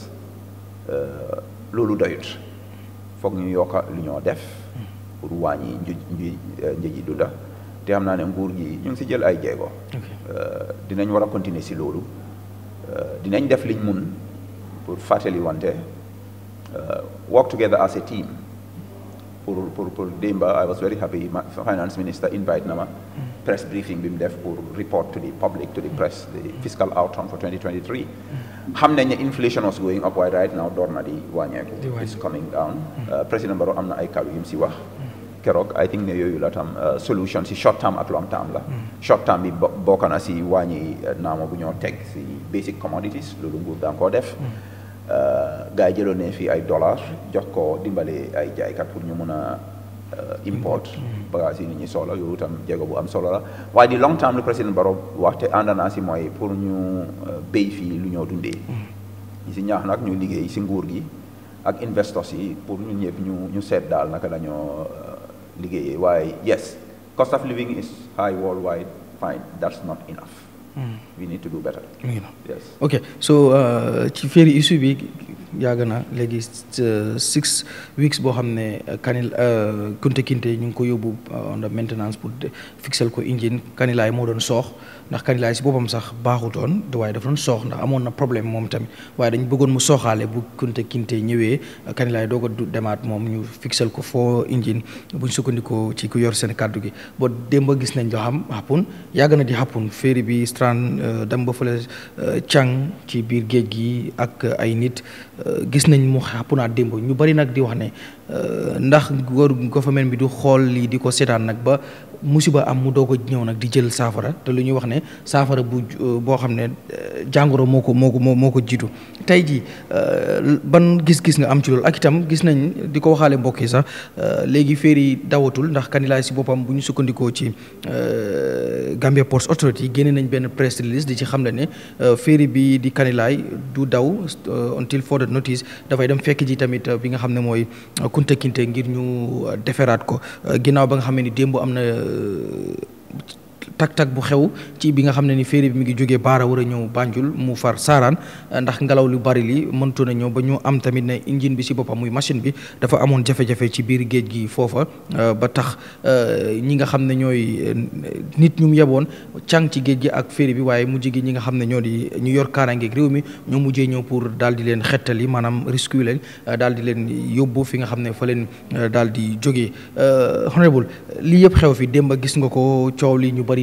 eh, loolu doyut foog ñu yokka lu ñoo def pour wàññi nji nji dunda te amna naa ne nguur gi ñu ngi si jël ay jéego. Euh, dinañ war a continuer si euh, dinañ def liñ pour wante euh, work together as a team pour pour pour démba I was very happy ma finance minister invite na mm. press briefing bi def pour report to the public to the mm. press the mm. fiscal outcome for 2023. xam ne inflation was going up right now door na di wàññeeku. coming down. président Barrow am na ay kàddu yu keroog I think ne yooyu la tam uh, solution si short term ak long term la. Hmm. short term bi bokk na si wàññi uh, naama bu ñoo teg si basic commodities loolu nguur daan koo def. Hmm. Uh, gars yi jëloon ne fii ay dollars jox ko dimbale ay jaaykat pour ñu mun import. Hmm. bagages yi ni ñuy soxla tam jéego bu am solo la waaye di long term lu président Barrow waxte ànd naa si mooy pour ñu béy fii lu ñoo dundee. ñu ñaax nag ñu liggéey si nguur gi ak investors yi pour ñun ñëpp ñu ñu seet daal naka dañoo. liggéeyee waaye yes cost of living is high worldwide fine that's not enough. Hmm. ok so uh, ci féeri issue bi yàgg na léegi uh, six weeks boo xam ne uh, kanil Kunte Kinte ñu ngi ko yóbbu on the maintenance pour fixal ko engine kanilaay moo doon sox ndax Kadilaay si boppam sax baaxutoon waaye dafa doon soox ndax amoon na problème moom tamit waaye dañ bëggoon mu sooxaale bu Kunta Kinte ñëwee Kadilaay doo ko demaat moom ñu fixal ko foo engine buñ sukkandikoo ci ku yor seen kàddu gi ba démb gis nañ doo xam xappun yàgg na di xappun féeri bi strand euh, dem ba fële càng euh, ci biir géej gi ak ay nit euh, gis nañ mu xappunaat démb ñu bari nag di wax ne ndax góor gouvernement bi du xool lii di ko seetaan nag ba musiba am mu doog a ñëw nag di jël saafara te lu ñuy wax ne saafara bu euh, boo xam ne euh, jàngoro moo ko moo ko moo ko jiitu tey jii euh, ban gis-gis nga am ci loolu ak itam gis nañ di ko waxaale mbokk yi sax léegi féer yi dawatul ndax Kanilaay si boppam bu ñu sukkandikoo ci Gambia Ports Authority génne nañ benn press release di ci xam ne ne féeri bi di Kanilaay du daw until further notice dafay dem fekk ji tamit bi nga xam ne mooy kunta kinte ngir ñu deferaat ko ginnaaw ba nga xam ne am na ちょっと。tak-tak bu xew ci bi nga xam ne ni féeri bi mi ngi jógee baara war a ñëw Banjul mu far saaraan ndax ngelaw lu bari li mëntu na ñëw ba ñu am tamit ne engine bi si boppam muy machine bi dafa amoon jafe-jafe ci biir géej gi foofa euh, ba tax euh, ñi nga xam ne ñooy euh, nit ñu yeboon càng ci géej gi ak féeri bi waaye mujj gi ñi nga xam ne ñoo di ñu yor kaaraangeeg réew mi ñoo mujjee ñëw pour daal di leen xettali maanaam risque yu leen daal di leen yóbbu fi nga xam ne fa leen daal di jógee honorable lii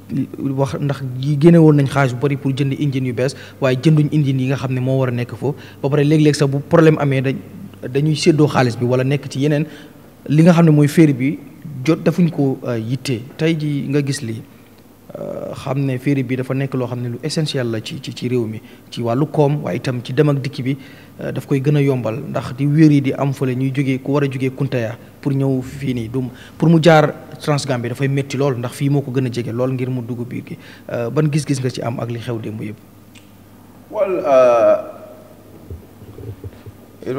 wax ndax yi génne woon nañ xaalis bu bari pour jënd engine yu bees waaye jënduñ engine yi nga xam ne moo war a nekk foofu ba pare léeg-léeg sax bu problème amee dañ dañuy séddoo xaalis bi wala nekk ci yeneen li nga xam ne mooy féeri bi jot dafuñ ko euh, yitte tey ji nga gis lii xam ne ferry bi dafa nekk loo xam ne lu essentiel la ci ci ci réew mi ci wàllu koom waaye itam ci dem ak dikk bi euh, daf koy gën a yombal ndax di wéer yi di am fële ñuy jógee ku war a jógee Kuntaya pour ñëw fii nii du pour mu jaar bi dafay metti lool ndax fii moo ko gën a jege lool ngir mu dugg biir gi euh, ban gis-gis nga ci am ak li xew démb yëpp. Well, uh, mm-hmm.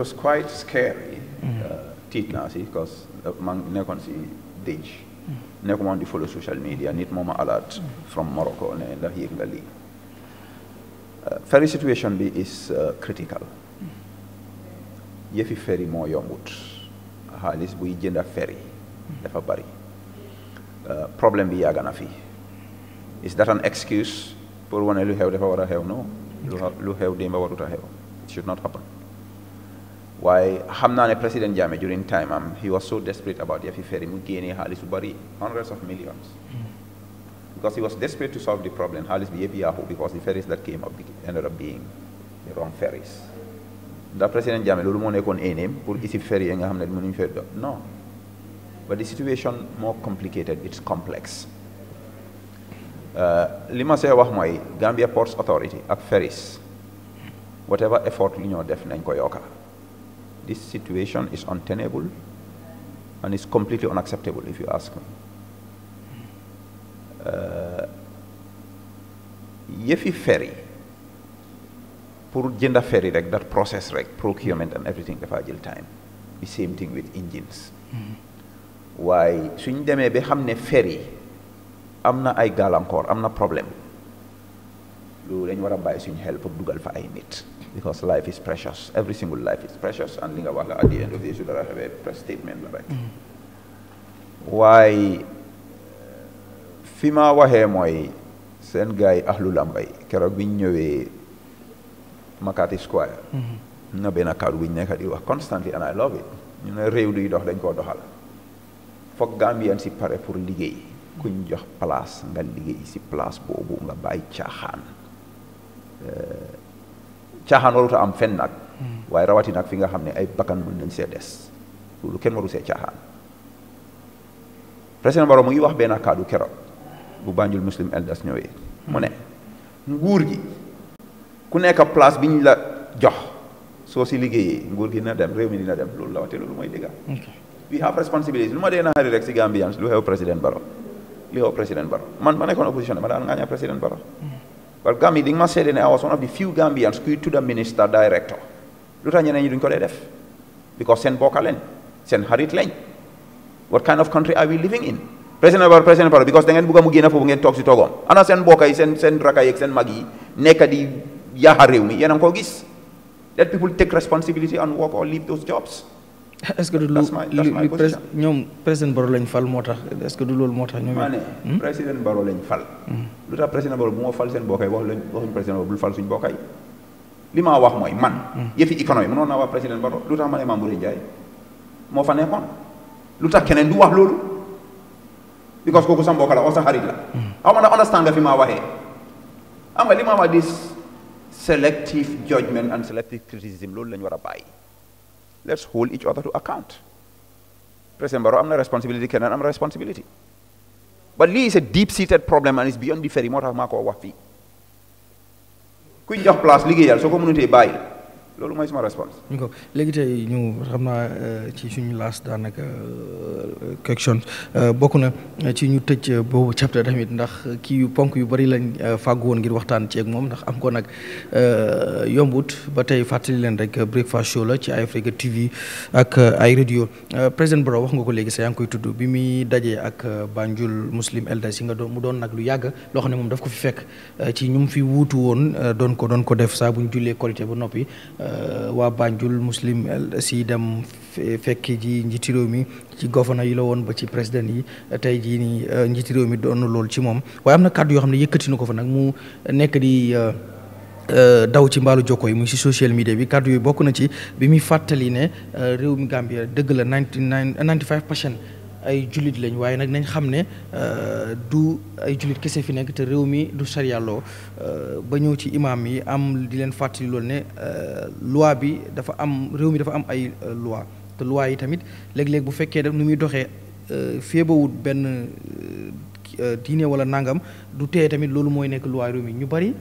uh, uh, nekkoon si déj. nekk moom di follow social media nit mooma alert from Morocco ne ndax yëg nga lii uh, ferry situation bi is uh, critical yëfi ferry moo yombut xaalis buy jënd jënda ferry dafa bari uh, problème bi yàgg na fi is that an excuse pour wane lu xew dafa war a xew no lu xew démba warut a xew Why Hamdan, naa ne président Jammeh during time um, he was so desperate about yafi ferry. mu génnee xaalis bari hundreds of millions because he was desperate to solve the problem xaalis be yëpp yaaxu because the ferries that came up ended up being the wrong ferries The président Jammeh loolu moo not éeneem pour isi ferry yi nga xam ne mënuñu fee do but the situation more complicated it's complex uh, li ma see wax mooy Gambia Ports Authority ak ferries whatever effort li ñoo def nañ ko yokka this situation is untenable and is completely unacceptable, if you ask me. Uh, Yefi Ferry, pour gender ferry, like that process, like procurement and everything, the fragile time. The same thing with engines. Why? So, in the ferry, I'm not amna galancore, I'm problem. du dañ war a bàyyi suñu xel pour dugal fa ay nit because life is precious every single life is precious and li nga wax la at the end of the day su press statement la rek waaye fi ma waxee mooy seen gars yi ahlu làmbay keroog biñ ñëwee Makati Square mm-hmm. na benn kàddu buñ ñu ne réew duy dox dañ koo doxal foog Gambien si pare pour liggéey kuñ jox place nga liggéey si place boobu nga bàyyi caaxaan caaxaan waruta am fen nag hmm. waaye rawati nag fi nga xam ne ay bakkan mën nañ see des loolu kenn waru see caaxaan président Barrow mu ngi wax benn kaddu keroog bu Banjul Muslim Elders ñëwee mu ne nguur gi ku nekk place bi ñu la jox soo si liggéeyee nguur gi dina dem réew mi dina dem loolu la waxte loolu mooy dëgg we have responsibility lu ma dee naxari rek si Gambians lu xew président Barrow li xew président Barrow man ma nekkoon opposition ma parce que Gambie di nga ma seede ne I was one of the few Gambians kuy tudda minister director lu tax ñeneen ñi ko dee def because seen bokka leen seen xarit lañ what kind of country are we living in président par président par because da ngeen bëgg a mu génn foofu ngeen toog si ana seen mbokk yi seen seen rakk yi mag yi nekk di yaaxa réew mi yéen a ngi koo gis let people take responsibility and work or leave those jobs est-ce que du lu lu ñoom président fal moo tax est-ce que du loolu moo tax ñoom. maa ne hmm? président Barrow lañ fal. Hmm. lu tax président Barrow bu moo fal seen bokkay waxuñu président Barrow bul fal suñu bokkay li ma wax mooy man. Hmm. yëfi économie mënoon naa wax président Barrow lu tax ma ne Mambouré Ndiaye moo fa nekkoon lu tax keneen du wax loolu. because kooku sa mbokk la oo sa xarit la. xaw ma na understand nga fi maa waxee. am nga li ma wax di selective judgment loolu la war a bàyyi. Let's hold each other to account. President Barrow, I'm not responsibility, Kenan, I'm responsibility. But Lee is a deep-seated problem and it's beyond the ferry motor mark or wafi. Kuy jox place liggéeyal So ko mënutee loolu mooy sama réponse. d'accord léegi tey ñu xam naa euh, ci suñu laas daanaka euh, question euh, bokk na ci ñu tëj boobu chapter tamit ndax kii yu ponk yu bari lañ fàggu woon ngir waxtaan ceeg moom ndax am ko nag yombut ba tey fàttali leen rek breakfast show la ci ay Africa TV ak ay radio président Barrow wax nga ko léegi sax yaa ngi koy tudd bi muy dajee ak Banjul Muslim Elders yi nga doon mu doon nag lu yàgg loo xam ne moom def ko fi fekk ci ñu mu fi wuutu woon doon ko doon ko def sax bu ñu jullee ba noppi. Euh, waa bànjul muslim si dem fekki ji njiiti réew mi ci gouvernement yi la woon ba ci président yi tey jii nii euh, njiiti réew mi doon na lool ci moom waaye am na kàddu yoo xam ne yëkkati na ko fa nag mu nekk di euh, daw ci mbaalu jokko yi mu si social media bi kàddu yooyu bokk na ci bi muy fàttali ne réew mi Gambia dëgg la 99 95 percent ay jullit lañ waaye nag nañ xam ne euh, du ay jullit kese fi nekk te réew mi du sariyàlloo euh, ba ñëw ci imaam yi am di leen fàttali loolu ne euh, loi bi dafa am réew mi dafa am ay loi te loi yi tamit léeg-léeg bu fekkee def nu muy doxee féebawut benn diine wala nangam du teye tamit loolu mooy nekk loi réew mi ñu bari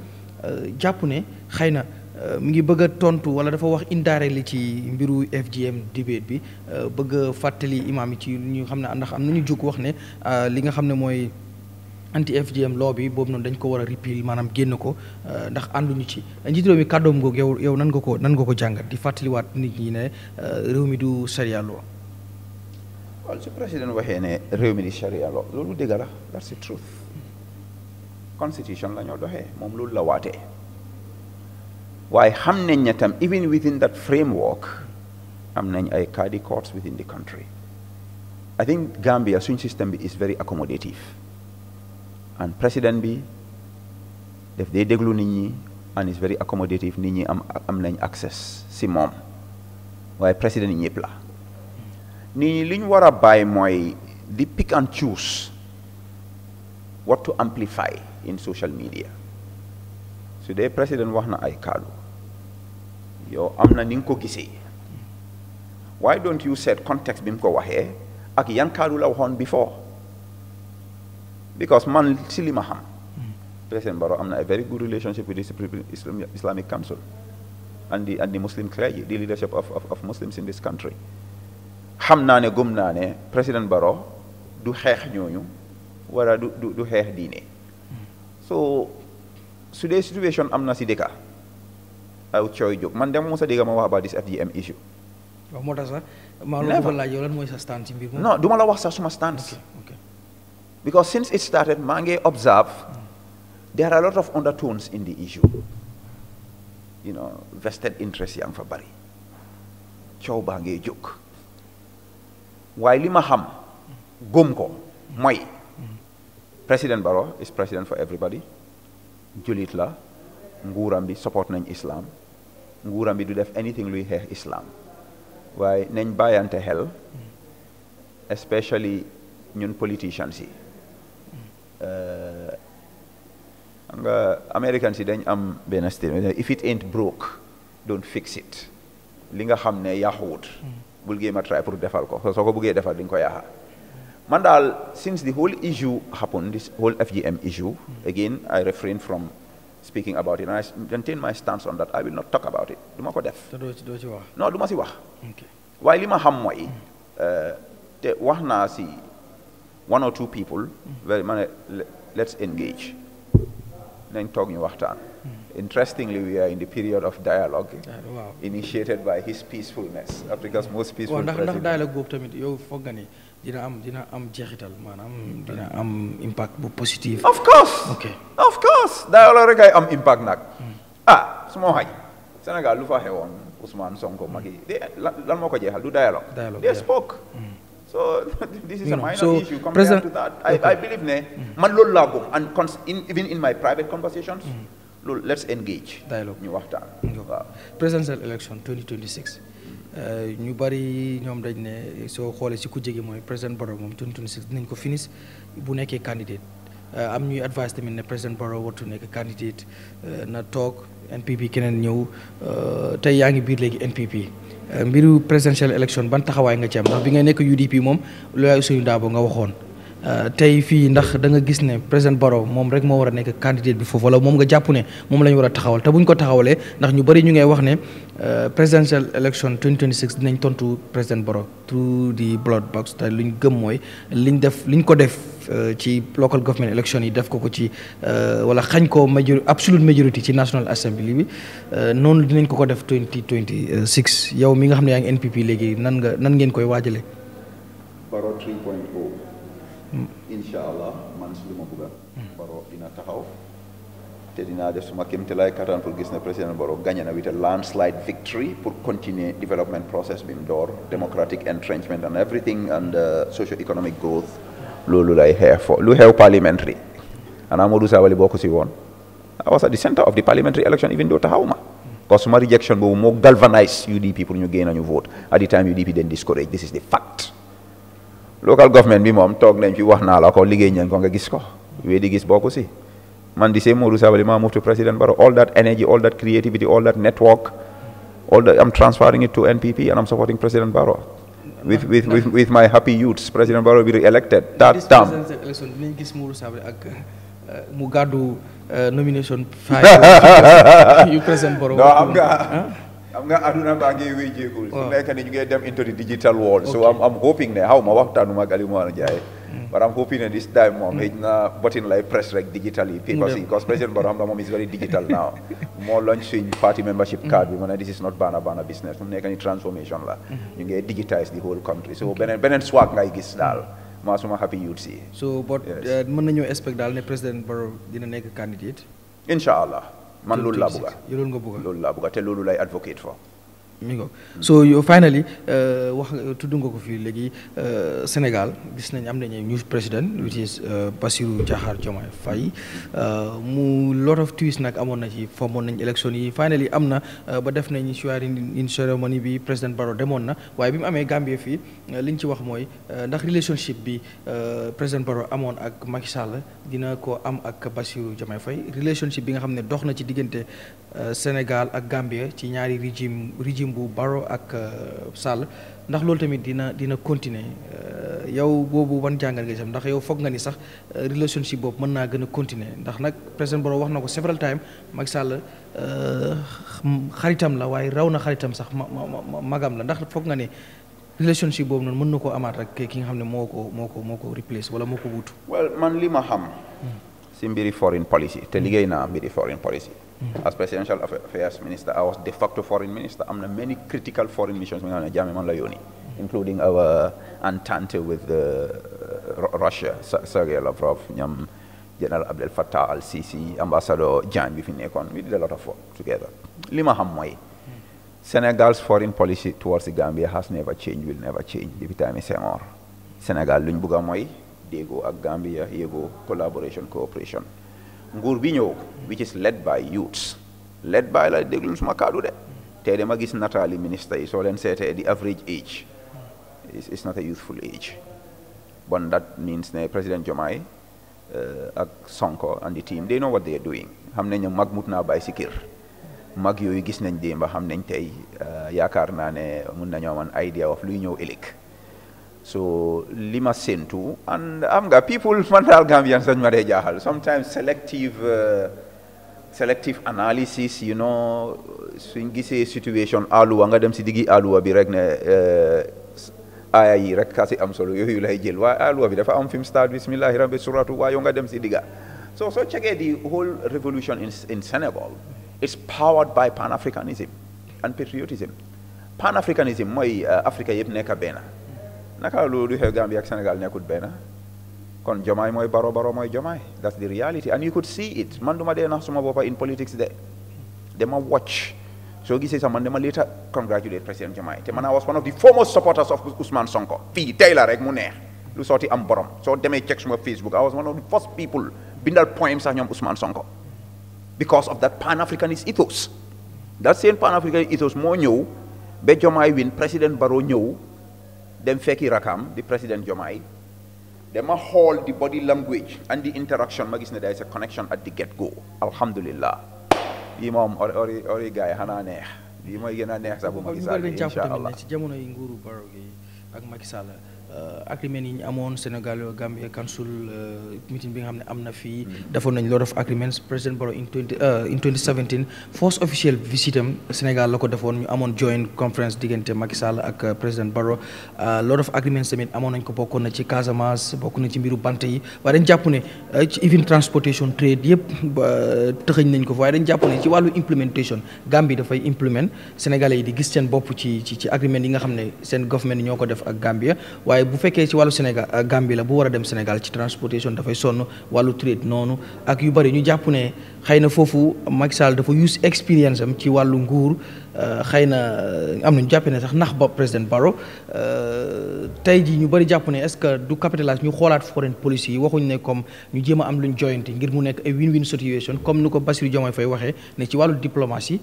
jàpp ne xëy na Euh, mi ngi bëgg a tontu wala dafa wax indaare li ci mbiru FGM debate bi euh, bëgg fàttali imaam yi ci ñu xam ne ndax am nañu jóg wax ne euh, li nga xam ne mooy anti FGM loo bi boobu noonu dañ ko war a repeal maanaam génn ko ndax ànduñu ci njiitu réew mi kàddoom googu yow yow nan nga ko nan nga ko jàngat di fàttaliwaat nit ñi ne réew mi du charia law. su président waxee ne réew mi di charia loolu dëgg la that's the truth constitution la doxee moom loolu la waatee. waaye xam nañ ne tam even within that framework am nañ ay kaadi courts within the country I think Gambia suñ system bi is very accommodative and président bi def day déglu nit ñi and is very accommodative nit ñi am am nañ access si moom waaye président yi ñëpp la nit ñi li war a bàyyi mooy di pick and choose what to amplify in social media su dee président wax na ay kàddu yow am na ni nga ko gisee why don't you set context bi mu ko waxee ak yan kàddu la waxoon before because man si li ma xam président Barrow am na a very good relationship with the Islamic Council and the and the Muslim clergy the leadership of of Muslims in this country xam naa ne gëm naa ne président Barrow du xeex ñooñu wala du du xeex diine so su dee situation am na si dëkka Thioye Diop man dem sa dégg ma wax about this FGM issue. waaw moo la mooy sa stand ci mbir ma la wax sax suma stand. ok because since it started maa ngi observe there are a lot of undertones in the issue you know vested interest yaa ngi fa bari coow baa ngee jóg waaye li ma xam góom ko mooy président Barrow is president for everybody jullit la nguuram bi support nañ islam nguuram bi du def anything luy xeex islam waaye nañ bàyyante xel especially ñun politicians yi eh, xam nga Americans yi dañ am benn statement if it ain't broke don't fix it li nga xam ne yàquwut bul géem a try pour defal ko soo ko buggee defal di nga ko yaaxa man daal since the whole issue happened this whole FGM issue again I refrain from speaking about it and I maintain my stance on that I will not talk about it du ma ko def. te doo ci ci wax. non du ma wax. waaye li ma xam mooy. Eh, wax naa si one or two people. ma ne let's engage. nañ toog ñu waxtaan. Hmm. Interestingly, we are in the period of dialogue ah, initiated by his peacefulness, Africa's most peaceful president. dina am dina am jeexital maanaam mm-hmm. dina am impact bu positif. of course ok of course daa la am impact nag. Mm. ah su ma xaj Sénégal lu fa xewoon Ousmane Sonko mm. Macky de lan moo ko jeexal du dialogue. dialogue they spoke. Mm. so this is a minor issue compared to that I believe ne. man loolu laa gëm and con even in my private conversations. loolu let's engage. dialogue ñu waxtaan. présidential election Euh, ñu bari ñoom dañ ne soo xoolee si ku jege mooy président Barrow moom 2026 dinañ ko finis bu nekkee candidate euh, am ñuy advice tamit ne président Barrow wartu nekk candidate euh, na toog NPP keneen ñëw tey yaa ngi biir léegi NPP mbiru presidential election ban taxawaay nga ci am ndax bi nga nekk UDP moom looyaay Ousseynou Dabo nga waxoon. Euh, tey fii ndax da nga gis ne président boro moom rek moo war a nekk candidat bi foofu wala moom nga jàpp ne moom la war a taxawal te bu ñu ko taxawalee ndax ñu bëri ñu ngay wax ne euh, presidential election 2026 dinañ tontu président boro through the ballot box te li ñu gëm mooy liñ def liñ ko def euh, ci local government election yi def ko ko ci wala xañ ko majorité absolute majority ci national assembly bi noonu dinañ ko ko def 2026 yow mi nga xam ne yaa ngi NPP léegi nan nga nan ngeen koy waajalee. incha allah man si lu ma bëgga Barrow dina taxaw te dinaa de suma kéem te lay kattan pour gis ne président Barrow gagné na with a landslide victory pour continuer development process bi door democratic entrenchment and everything and uh, socio economic growth lu lay xeex fo lu xew parliamentary xanaa Modou sa boo ko si woon I was at the center of the parliamentary election even though taxawuma parce que suma rejection boobu moo galvanize UDP pour ñu génn ñu vote at local government bi mom toog nañ fi wax naa la ko liggéey ñeen ko nga gis ko wéy di gis bokku si man di see Modou Sabally ma move to President Barrow all that energy all that creativity all that network all that I'm transferring it to NPP and I'm supporting President Barrow with with with, with my happy youths President Barrow will be elected that term mu gàddu euh, nomination. you President Barrow. am nga aduna baa ngi wéy jéegul su nekk ni ñu ngi dem into the digital world so am hoping ne xaw ma waxtaanu mag Alieu Momar Njie mm. but I'm hoping that this time mom mm. na button like press like digitally papers yeah. because President Barham mom is very digital now. More launching party membership card mm. we this is not banner banner business. We make any transformation la. Mm. You get the whole country. So okay. benen ngay gis dal. Mm. Ma man loolu laa bëgga loolu nga bëgga loolu laa bëgga te loolu lay advocate mi ngoog so finally euh, wax tudd nga ko fii léegi euh, Sénégal gis nañ am nañu new président which is euh, Bassirou Diakhar Diomaye Faye mu lot of twist nag amoon na ci fommoon nañ élection yi finally am na ba def nañ swearing in ceremony bi président Barrow demoon na waaye bi mu amee Gambie fii liñ ci wax mooy ndax relationship bi président Barrow amoon ak Macky Sall dina ko am ak Bassirou Diomaye Faye relationship bi nga xam ne dox na ci diggante Sénégal ak Gambie ci ñaari régime régime bu Barrow ak euh, Sall ndax loolu tamit dina dina continuer euh, yow boobu wan jàngal nga sam ndax yow foog nga ni sax euh, relationship boobu mën naa gën a continuer ndax nag président Barrow wax na ko several time mag Sall xaritam la waaye raw na xaritam sax ma magam la ndax foog nga ne relationship boobu noonu mën na koo amaat ak ki nga xam ne moo ko moo ko moo ko replace wala moo ko wuutu. well man li ma xam. si hmm. mbiri foreign policy te liggéey naa mbiri foreign policy. Mm-hmm. as presidential affairs minister, I was de facto foreign minister. I'm in many critical foreign missions mm-hmm. including our entente with uh, Russia, Sergei Lavrov, General Abdel Fattah al-Sisi, Ambassador Jan Bifinekon. We did a lot of work together. Lima Hamway. Mm-hmm. Senegal's foreign policy towards the Gambia has never changed, will never change. Depuis time Senghor. Senegal luñ bëgg a mooy déggoo ak Gambia yéegoo collaboration cooperation nguur bi ñëw which is led by youths led by la déglul suma kaddu de te dama gis nataali ministre yi soo leen seetee di average age is not a youthful age bon that means ne président Diomaye uh, ak Sonko and the team they know what they are doing xam nañ ne mag mut naa bàyyi si kër mag yooyu gis nañ démb xam nañ tey uh, yaakaar naa ne mun nañoo man idea of luy ñëw ëllëg So Lima Sentu and Amga, people, Mandal Gambians and Marejahal, sometimes selective, uh, selective analysis, you know, swingise situation alu, anga dem si digi alu abiregne uh, ayi rek kasi am solo yoyu lay jël wa alu abi dafa am fim start bismillah rabbi suratu wa yonga dem si diga. So so check the whole revolution in, in Senegal is powered by pan-Africanism and patriotism. Pan-Africanism moy uh, Africa yeb nekk bena naka loolu xew Gambia ak Sénégal nekkut benn kon jomaay mooy baro baro mooy that's the reality and you could see it man duma dee nax in politics de they watch soo gisee sax man dama later congratulate président Jomaay te I was one of the foremost supporters of Usman Sonko fii Taylor, la rek mu neex lu sooti am borom soo demee check suma Facebook I was one of the first people bindal poems on Usman Ousmane Sonko because of that pan-Africanist ethos that same pan-Africanist ethos Mo ñëw ba Jomaay win président Baro ñëw dem fekki rakam di président Jomaay dama xool di body language and the interaction ma gis ne there is a connection at the get go alhamdulillah bii moom or ori ori gars yi xanaa neex bii mooy gën neex sax bu ma gisaatee allah ci jamono yi nguuru Barrow ak Macky Sall ak li mel ni ñu amoon Sénégal Gambia Council euh, meeting bi nga xam ne am na fii. defoon nañ lot of agreements président Barrow in twenty euh, in twenty seventeen first official visit am la ko defoon ñu amoon joint conference diggante Macky Sall ak euh, président Barrow lot of agreements tamit amoon nañ ko bokkoon na ci Casamance bokk na ci mbiru bant yi waaye dañ jàpp ne ci even transportation trade yëpp tëxëñ nañ ko fa waaye dañ jàpp ne ci wàllu implementation Gambie dafay implement Sénégalais yi di gis seen ci ci ci agreement yi nga xam ne seen government ñoo ko def ak Gambia waaye bu fekkee ci wàllu senegal euh, Gambie la bu war a dem Sénégal ci transportation dafay sonn wàllu trade noonu ak yu bëri ñu jàpp ne xëy na foofu magsal dafa use expérience am ci wàllu nguur euh, xëy na euh, am na ñu jàpp ne sax nax ba président Barrow tey jii ñu bëri jàpp ne est-ce que du capitalise ñu xoolaat foreign policy yi waxuñ ne comme ñu jéem a am luñ joyante ngir mu nekk ay win-win situation comme ni ko Bassirou Diomaye Faye waxee ne ci wàllu diplomatie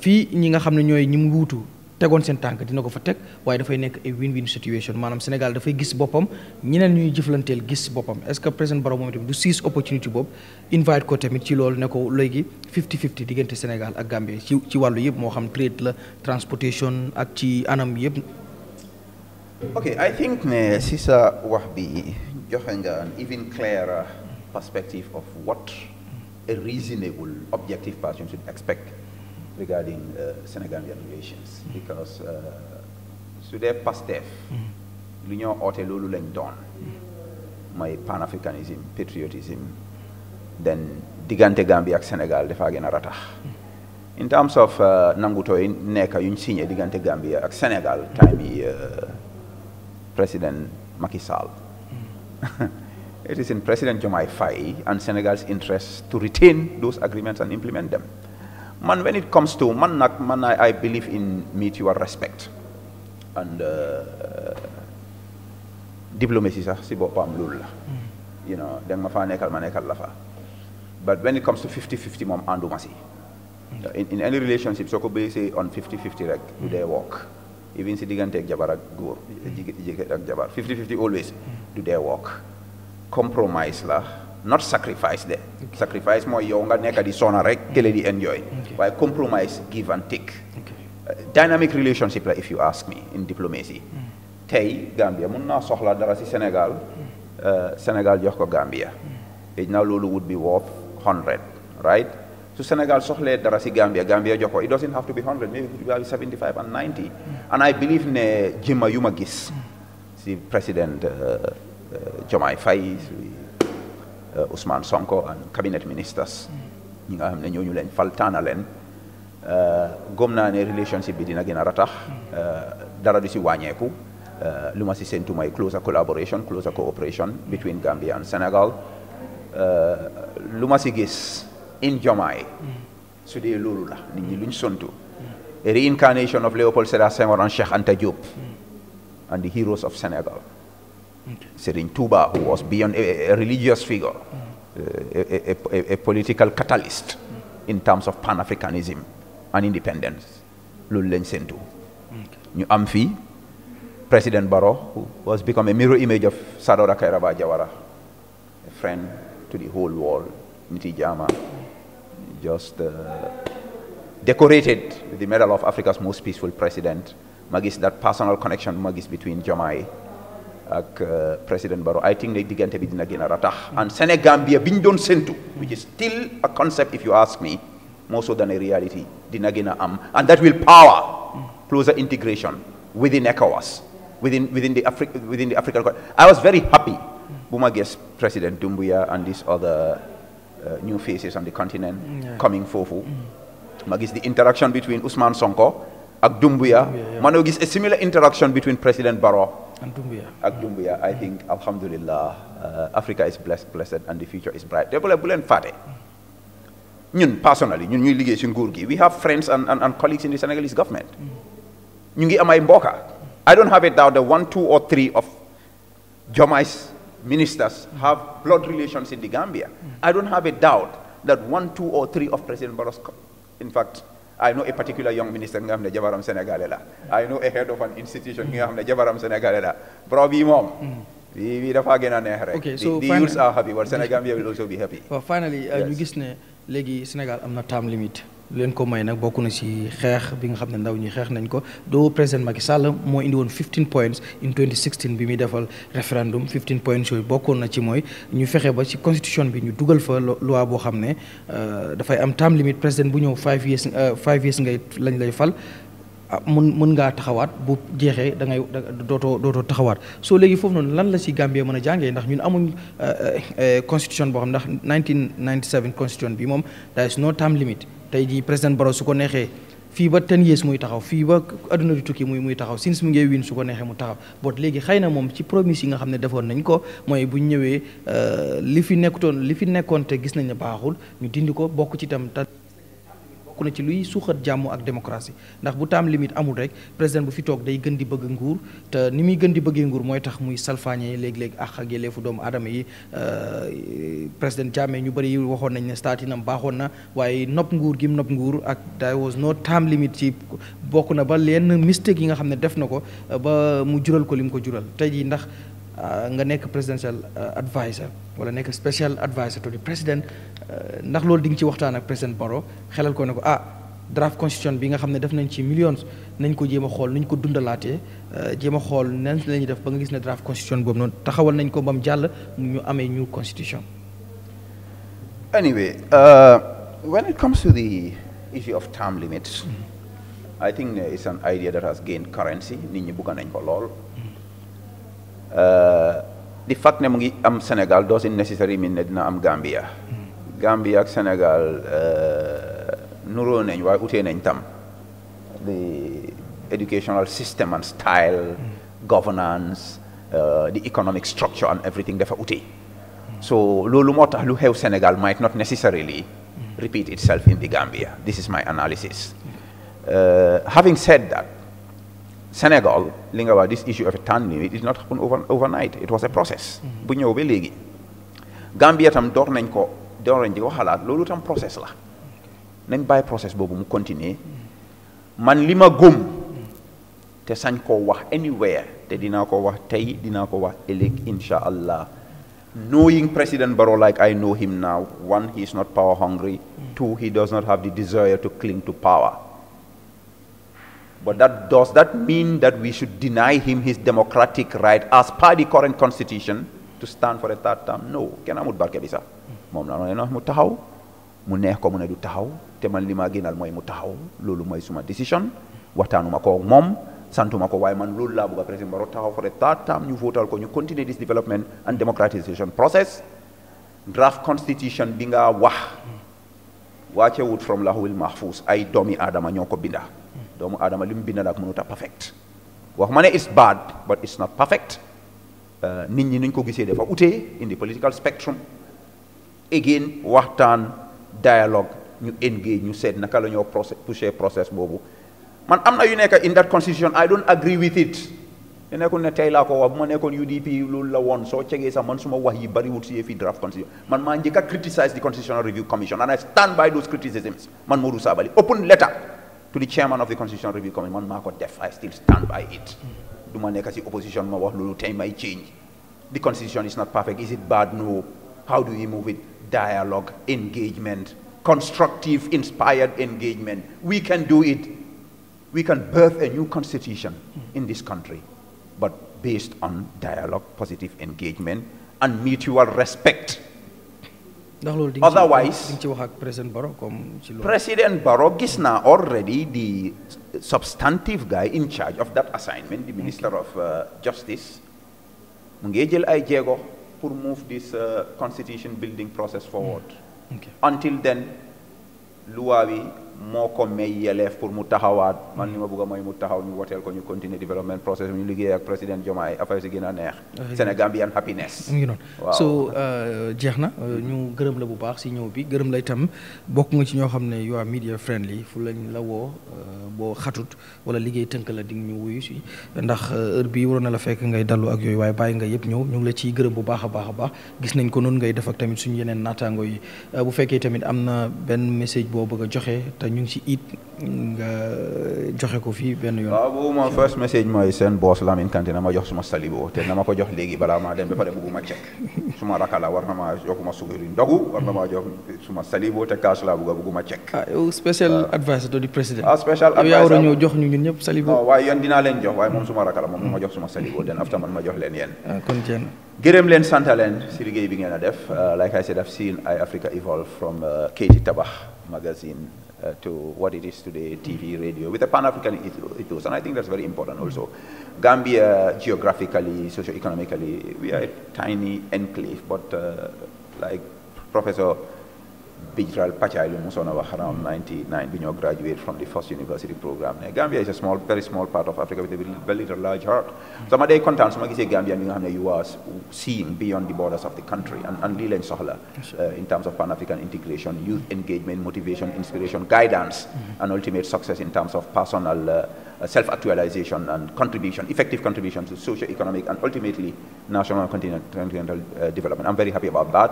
fii ñi nga xam ne ñooy ñi mu wuutu tegoon seen tànk dina ko fa teg waaye dafay nekk ay win-win situation Manam Sénégal dafay gis boppam ñeneen ñuy jëflanteel gis boppam est-ce que président Barrow moom tamit du seize opportunity boobu invite ko tamit ci loolu ne ko léegi fifty fifty diggante Sénégal ak Gambie ci ci wàllu yëpp moo xam trade la transportation ak ci anam yëpp. ok I think ne si sa wax bi joxe nga an even clearer perspective of what a reasonable objective person should expect regarding uh, Sénégalian relations because uh, su dee Pastef mm-hmm. lu ñoo oote loolu lañ doon mooy patriotism then digante Gambia ak Sénégal dafaa gën a mm-hmm. in terms of uh, nangutooy neka yuñ signé digante Gambia ak Sénégal time uh, President Macky Sall mm-hmm. it is in President Jomai Faye and Senegal's interest to retain those agreements and implement them. Man, when it comes to man, man I, I believe in mutual respect. And uh, diplomacy sir. si boppam loolu lula, hmm. you know Then ma faa ma but when it comes to 50-50 moom ànduma in in any relationship soo ko say on 50-50 rek. do dee work. even si digganteeg jabar go, góor. jigéen tek jabar 50-50 always. do their work. compromise lah not sacrifice there. okay. sacrifice more younger neka nekk di sona rek kële di enjoy waaye compromise give and take uh, dynamic relationship like, if you ask me in diplomacy mm. tey Gambia mun sohla darasi Sénégal mm. uh, Sénégal jox ko Gambia xëy mm. lulu would be worth hundred right So Sénégal soxlee darasi Gambia Gambia jox it doesn't have to be hundred maybe it will be seventy five and ninety and I believe ne Jimayumagis, the président uh, Diomaye Ousmane eh, Sonko and cabinet ministers ñi nga xam ne ñooñu leen fal taana leen eh, gom naa ne relationship bi dina gën a ratax eh, dara du si wàññeeku lu ma si séntu mooy closer collaboration closer cooperation between Gambia and Sénégal lu ma si gis in Jomaay su dee loolu la nit ñi luñ sontu reincarnation of Léopold Sédar Senghor and Cheikh and the heroes of Senegal Okay. Serigne who was beyond a, a religious figure, a, a, a, political catalyst in terms of pan-Africanism and independence loolu lañ séntu ñu am President Barrow who was become a mirror image of Sadora Kairaba Jawara a friend to the whole world niti just uh, decorated with the medal of Africa's most peaceful president Magis, that personal connection Magis, between Jommay ak eh, président Barrow I think ne diggante bi dina gën a ratax and Senegambia bi ñu doon séntu which is still a concept if you ask me more so than a reality dina gën a am and that will power closer integration within ECOWAS within within the Africa, within the African I was very happy Buma guess President Dumbuya and these other uh, new faces on the continent yeah. coming forward. Mm. Magis the interaction between Usman Sonko and Dumbuya. Yeah, yeah. Manogis a similar interaction between President Barrow and Dumbuya. I think, alhamdulillah, uh, Africa is blessed, blessed, and the future is bright. Debole bu personally we have friends and, and, and colleagues in the Senegalese government. ñu ngi I don't have a doubt that one, two, or three of Jomai's ministers have blood relations in the Gambia. I don't have a doubt that one, two, or three of President Barroso, in fact, I know a particular young minister nga xam jabaram Sénégalais la I know a head of an institution ki nga jabaram Sénégalais la bro bii moom hmm. bii bii dafaa gën a neex rek the uh, am na term limit leen ko may nag bokk na ci xeex bi nga xam ne ndaw ñi xeex nañ ko doo président Macky Sall moo indi woon 15 points in 2016 bi muy defal référendum 15 points yooyu bokkoon na ci mooy ñu fexe ba ci constitution bi ñu dugal fa loi boo xam ne euh, dafay am time limit président bu ñëw 5 years 5 euh, years ngay lañ lay fal. Ah, mun mën ngaa taxawaat bu jeexee da ngay dootoo dootoo taxawaat soo léegi foofu noonu lan la ci Gambie mën a jàngee ndax ñun amuñ euh, constitution boo xam ndax 1997 constitution bi moom there is no tey jii président Barrow su ko neexee fii ba ten yees muy taxaw fii ba adduna di tukki muy muy taxaw since mu ngee win su ko neexee mu taxaw boot léegi xëy na moom ci promise yi nga xam ne defoon nañ ko mooy bu ñëwee euh, li fi nekkutoon li fi nekkoon te gis nañ ne baaxul ñu dindi ko bokk ci tam bokk na ci luy suuxat jàmm ak démocratie ndax bu taam limite amul rek président bu fi toog day gën di bëgg nguur te ni muy gën di bëggee nguur mooy tax muy salfaañe léeg-léeg àq ak yelleefu doomu adama yi euh, président Jammeh ñu bëri waxoon nañ ne staatinam baaxoon na waaye nopp nguur gi mu nopp nguur ak there was no time limit ci bokk na ba lenn mistake yi nga xam ne def na ko ba mu jural ko li mu ko jural tey jii ndax Ah, nga nekk presidential ah, adviser wala nekk special adviser to the president ah, ndax loolu di ci waxtaan ak président Barrow xelal ko ne ah draft constitution bi nga xam def nañ ci millions nañ ko jéem a nuñ ko dundalaatee jéem a nan la def ba nga gis ne draft constitution boobu noonu taxawal nañ ko ba jàll ñu amee new constitution. Anyway, uh, when it comes to the issue of term limits, mm-hmm. I think it's an idea that has gained currency. nit ñi bëgg nañ ko lool. Uh, di fact ne mu ngi am Sénégal doesn't necessarily mean ne dina am Gambia hmm. Gambia ak Sénégal uh, nuroo nañ waaye utee nañ tam the educational system and style hmm. governance the uh, economic structure and everything dafa are hmm. so loolu So, tax lu xew Sénégal might not necessarily repeat itself in the Gambia this is my analysis having said that Sénégal li this issue of a term limit it did not happen over overnight it was a process. Mm-hmm. bu ñëw ba léegi. Gambia tam door nañ ko door nañ ko xalaat loolu tam process la nañ bàyyi process boobu mu continuer man lima gum. Mm-hmm. te sañ wax anywhere te dinaa ko wax tey dinaa ko wax ëllëg insha allah knowing President Barrow like I know him now one he is not power hungry mm-hmm. two he does not have the desire to cling to power. But that does that mean that we should deny him his democratic right as per the current constitution to stand for a third term? No. kenn amut barke bi sax moom la ne mu taxaw mu neex ko mu ne du taxaw te man li ma gënal mooy mu taxaw loolu mooy suma décision waxtaanuma ko ak santu ma ko waaye man loolu laa bëgg a président Barrow taxaw for a third term ñu votal ko ñu continue this development and democratization process draft constitution bi nga wax wàccewut from lahul mahfuz ay doomi aadama ñoo ko binda doomu aadama li mu bind la ak ta a perfect wax ma ne it's bad but it's not perfect euh, nit ñi nuñ ko gisee dafa utee in the political spectrum again waxtaan dialogue ñu engage ñu seet na la ñoo process process boobu man am na yu nekk in that constitution I don't agree with it te nekkul ne tey laa ko wax bu ma nekkoon UDP loolu la woon soo cegee sax man suma wax yi bariwul si fii draft constitution man maa njëkk a criticise the constitutional review commission and to the chairman of the constitutional review committee man maa def I still stand by it du ma nekk the opposition ma wax loolu tey may change the constitution is not perfect is it bad no how do we move it dialogue engagement constructive inspired engagement we can do it we can birth a new constitution in this country but based on dialogue positive engagement and mutual respect ndax loolu di nga ci wax ak président Barrow comme ci loolu. président Barrow gis naa already the substantive guy in charge of that assignment the minister of uh, justice mu ngi jël ay jéego pour move this uh, constitution building process forward. Mm. until then luwaa moo ko may yeleef pour mu taxawaat man li ma bëgg a mooy mu taxaw ñu woteel ko ñu continuer développement process ñu liggéey ak président Diomaye affaire si gën a neex Sénégambian euh, jeex na euh, ñu gërëm la bu baax si ñëw bi gërëm la itam bokk nga ci ñoo xam ne you are media friendly fu lañ la woo euh, boo xatut wala liggéey tënk la di ñu wuyu si ndax heure bi waroon na la fekk ngay dallu ak yooyu waaye bàyyi nga yëpp ñëw ñu ngi la ciy gërëm bu baax a baax a baax gis nañ ko noonu ngay def ak tamit suñu yeneen naataango yi bu fekkee tamit am na benn message boo bëgg a joxe ñu ngi si it nga joxe ko fii benn yoon. waaw boobu first message mooy seen boss Lamin Kanté na ma jox suma salibo te na ma ko jox léegi balaa maa dem ba pare bëgguma cek suma rakala war na maa jox ma sukari ndogu war na maa jox suma salibo te kaas laa bëgg bëgguma cek. ah yow special ah. advisor di président. ah special advisor yow yaa war a ñëw jox ñu ñun ñëpp salibo. non waaye yéen dinaa leen jox waaye moom suma rakala moom ma jox suma salibo den after man ma jox leen yéen. Ah, kon jërëjëf. gërëm leen sant leen si liggéey bi ngeen a def ah, like I said I've seen Eye Africa evolve from Keyti Tabakh magazine Uh, to what it is today, TV, radio, with a Pan-African ethos. And I think that's very important also. Gambia, geographically, socio-economically, we are a tiny enclave, but uh, like Professor Bijral Pachai lu musoon a wax around 99 bi ñoo graduate from the first university programme ne Gambia is a small very small part of Africa with a very large heart so ma day kontaan su gisee Gambia nga you are seeing beyond the borders of the country and lii lañ soxla in terms of Pan-African integration youth engagement motivation inspiration guidance mm-hmm. and ultimate success in terms of personal uh, uh, self-actualization and contribution effective contribution to socio-economic and ultimately national and continental uh, development I'm very happy about that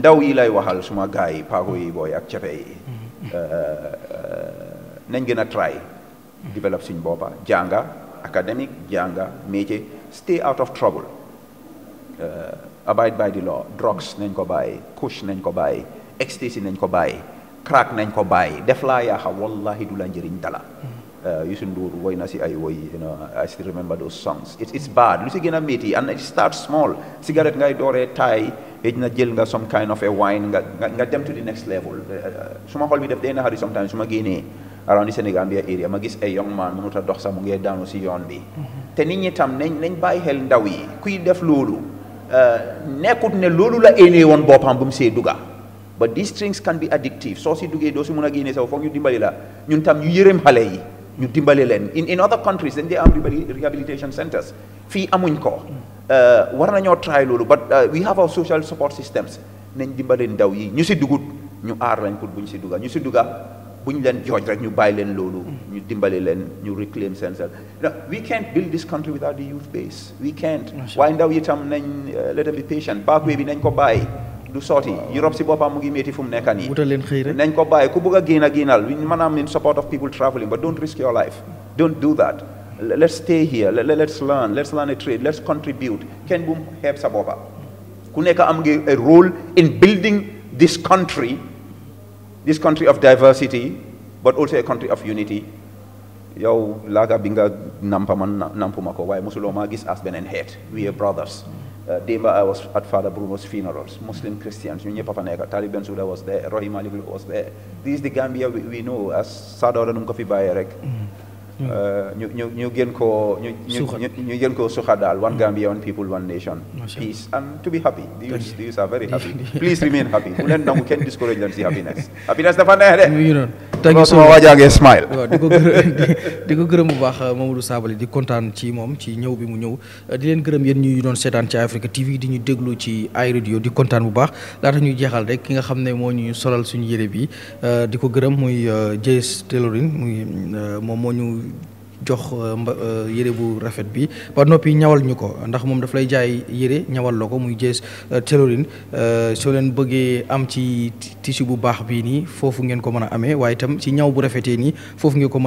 ndaw yi lay suma gars yi booy ak cape yi mhm. euh, euh, nañ gën a try develop suñ boppa jànga academic jànga métier stay out of trouble euh, abide by the law drugs nañ ko bàyyi kush nañ ko bàyyi ecstasy nañ ko bàyyi crack nañ ko bàyyi def laa yaaxa wallahi du la njëriñ dala mhm. uh, Youssou Ndour woy na si ay woy you know I still remember those songs it's, it's bad lu si gën a métti and it starts small cigarette ngay dooree taay xëy na jël nga some kind of a wine nga nga dem to the next level uh, uh, su ma xol bi def na naxari sometimes su ma génnee around the Senegambia area ma gis ay young man mënut a dox sax mu ngee daanu si yoon bi mm-hmm. te nit ñi tam nañ nañ bàyyi xel ndaw yi kuy def loolu uh, nekkut ne loolu la éenee woon boppam bu mu see duga but these things can soo si duggee doo si mun a dimbali la ñun tam ñu yërëm yi ñu dimbale leen in in other countries dañ dee am rehabilitation centers fii amuñ ko mm. uh, war nañoo try loolu but uh, we have our social support systems nañ dimbale ndaw yi ñu si dugut ñu aar lañ pour buñ si dugga ñu si dugga buñ leen jooj rek ñu bàyyi leen loolu mm. ñu dimbale leen ñu reclaim seen self we can't build this country without the youth base we can't waaye ndaw yi tam nañ uh, let them be patient baax bi nañ ko bàyyi du sotti Europe si boppam mu ngi métti fu mu nekk nañ ko bàyyi ku bëgg a génn a génnal in support of people traveling but don't risk your life don't do that let's stay here let's learn let's learn a trade let's contribute kenn bu mu sa boppa ku nekk am ngi a role in building this country this country of diversity but also a country of unity yow laaga bi nga nampa man nampuma ko waaye mosuloo maa gis as beneen xeet we are brothers uh, démba I was at Father Bruno's funerals Muslim Christians You ñëpp a fa nekk was there Rohey Malick was there this is the Gambia we know as Saadawda nu mu ko fi ñu ñu ñu gën Ko ñu ñu gën koo suxa one hmm. Gambia one people one nation peace and to be happy These These are very happy please remain happy bu leen nangu kenn discourage leen si happiness happiness dafa neex de ñu noon thank you so much waajaa smile waaw di ko di ko gërëm bu baax Mamadou Sabali di kontaan ci moom ci ñëw bi mu ñëw eh, di leen gërëm yéen ñu doon seetaan ci Africa TV di ñu déglu ci ay radio di kontaan bu baax New ñuy jeexal rek ki nga xam ne ñu solal suñu yére bi eh, di ko gërëm muy eh, Jays Tailoring muy moom moo ñu jox euh, euh, yére bu rafet bi ba noppi ñawal ñu ko ndax moom daf lay jaay yére ñawal la ko muy jees euh, telorin soo leen bëggee am ci tissu bu baax bii nii foofu ngeen ko mën a amee waaye ci ñaw bu rafetee nii foofu ngeen ko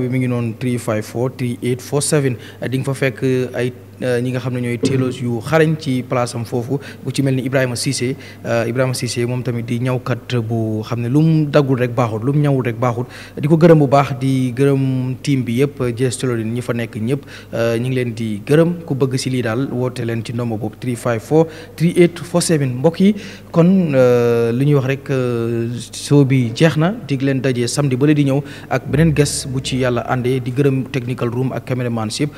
bi mi ngi 354 3847 fa fekk ay ñi nga xam ne ñooy teeloos yu xarañ ci place am foofu bu ci mel ni Ibrahima Cissé euh, Ibrahima Cissé moom tamit di ñawkat bu xam ne lu mu daggul rek baaxut lu mu ñawul rek baaxut di ko gërëm bu baax di gërëm team bi yëpp gestolodin ñi fa nekk ñëpp euh, ñu ngi leen di gërëm ku bëgg si lii daal woote leen ci ndombo boobu 354 38 47 mbokk yi kon euh, li ñuy wax rek soo bi jeex na di leen dajee samedi ba di ñëw ak beneen ges bu ci yàlla àndee di gërëm technical room ak cameramanship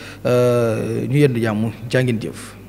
ñu yendu jàmm jàmm jaa ngeen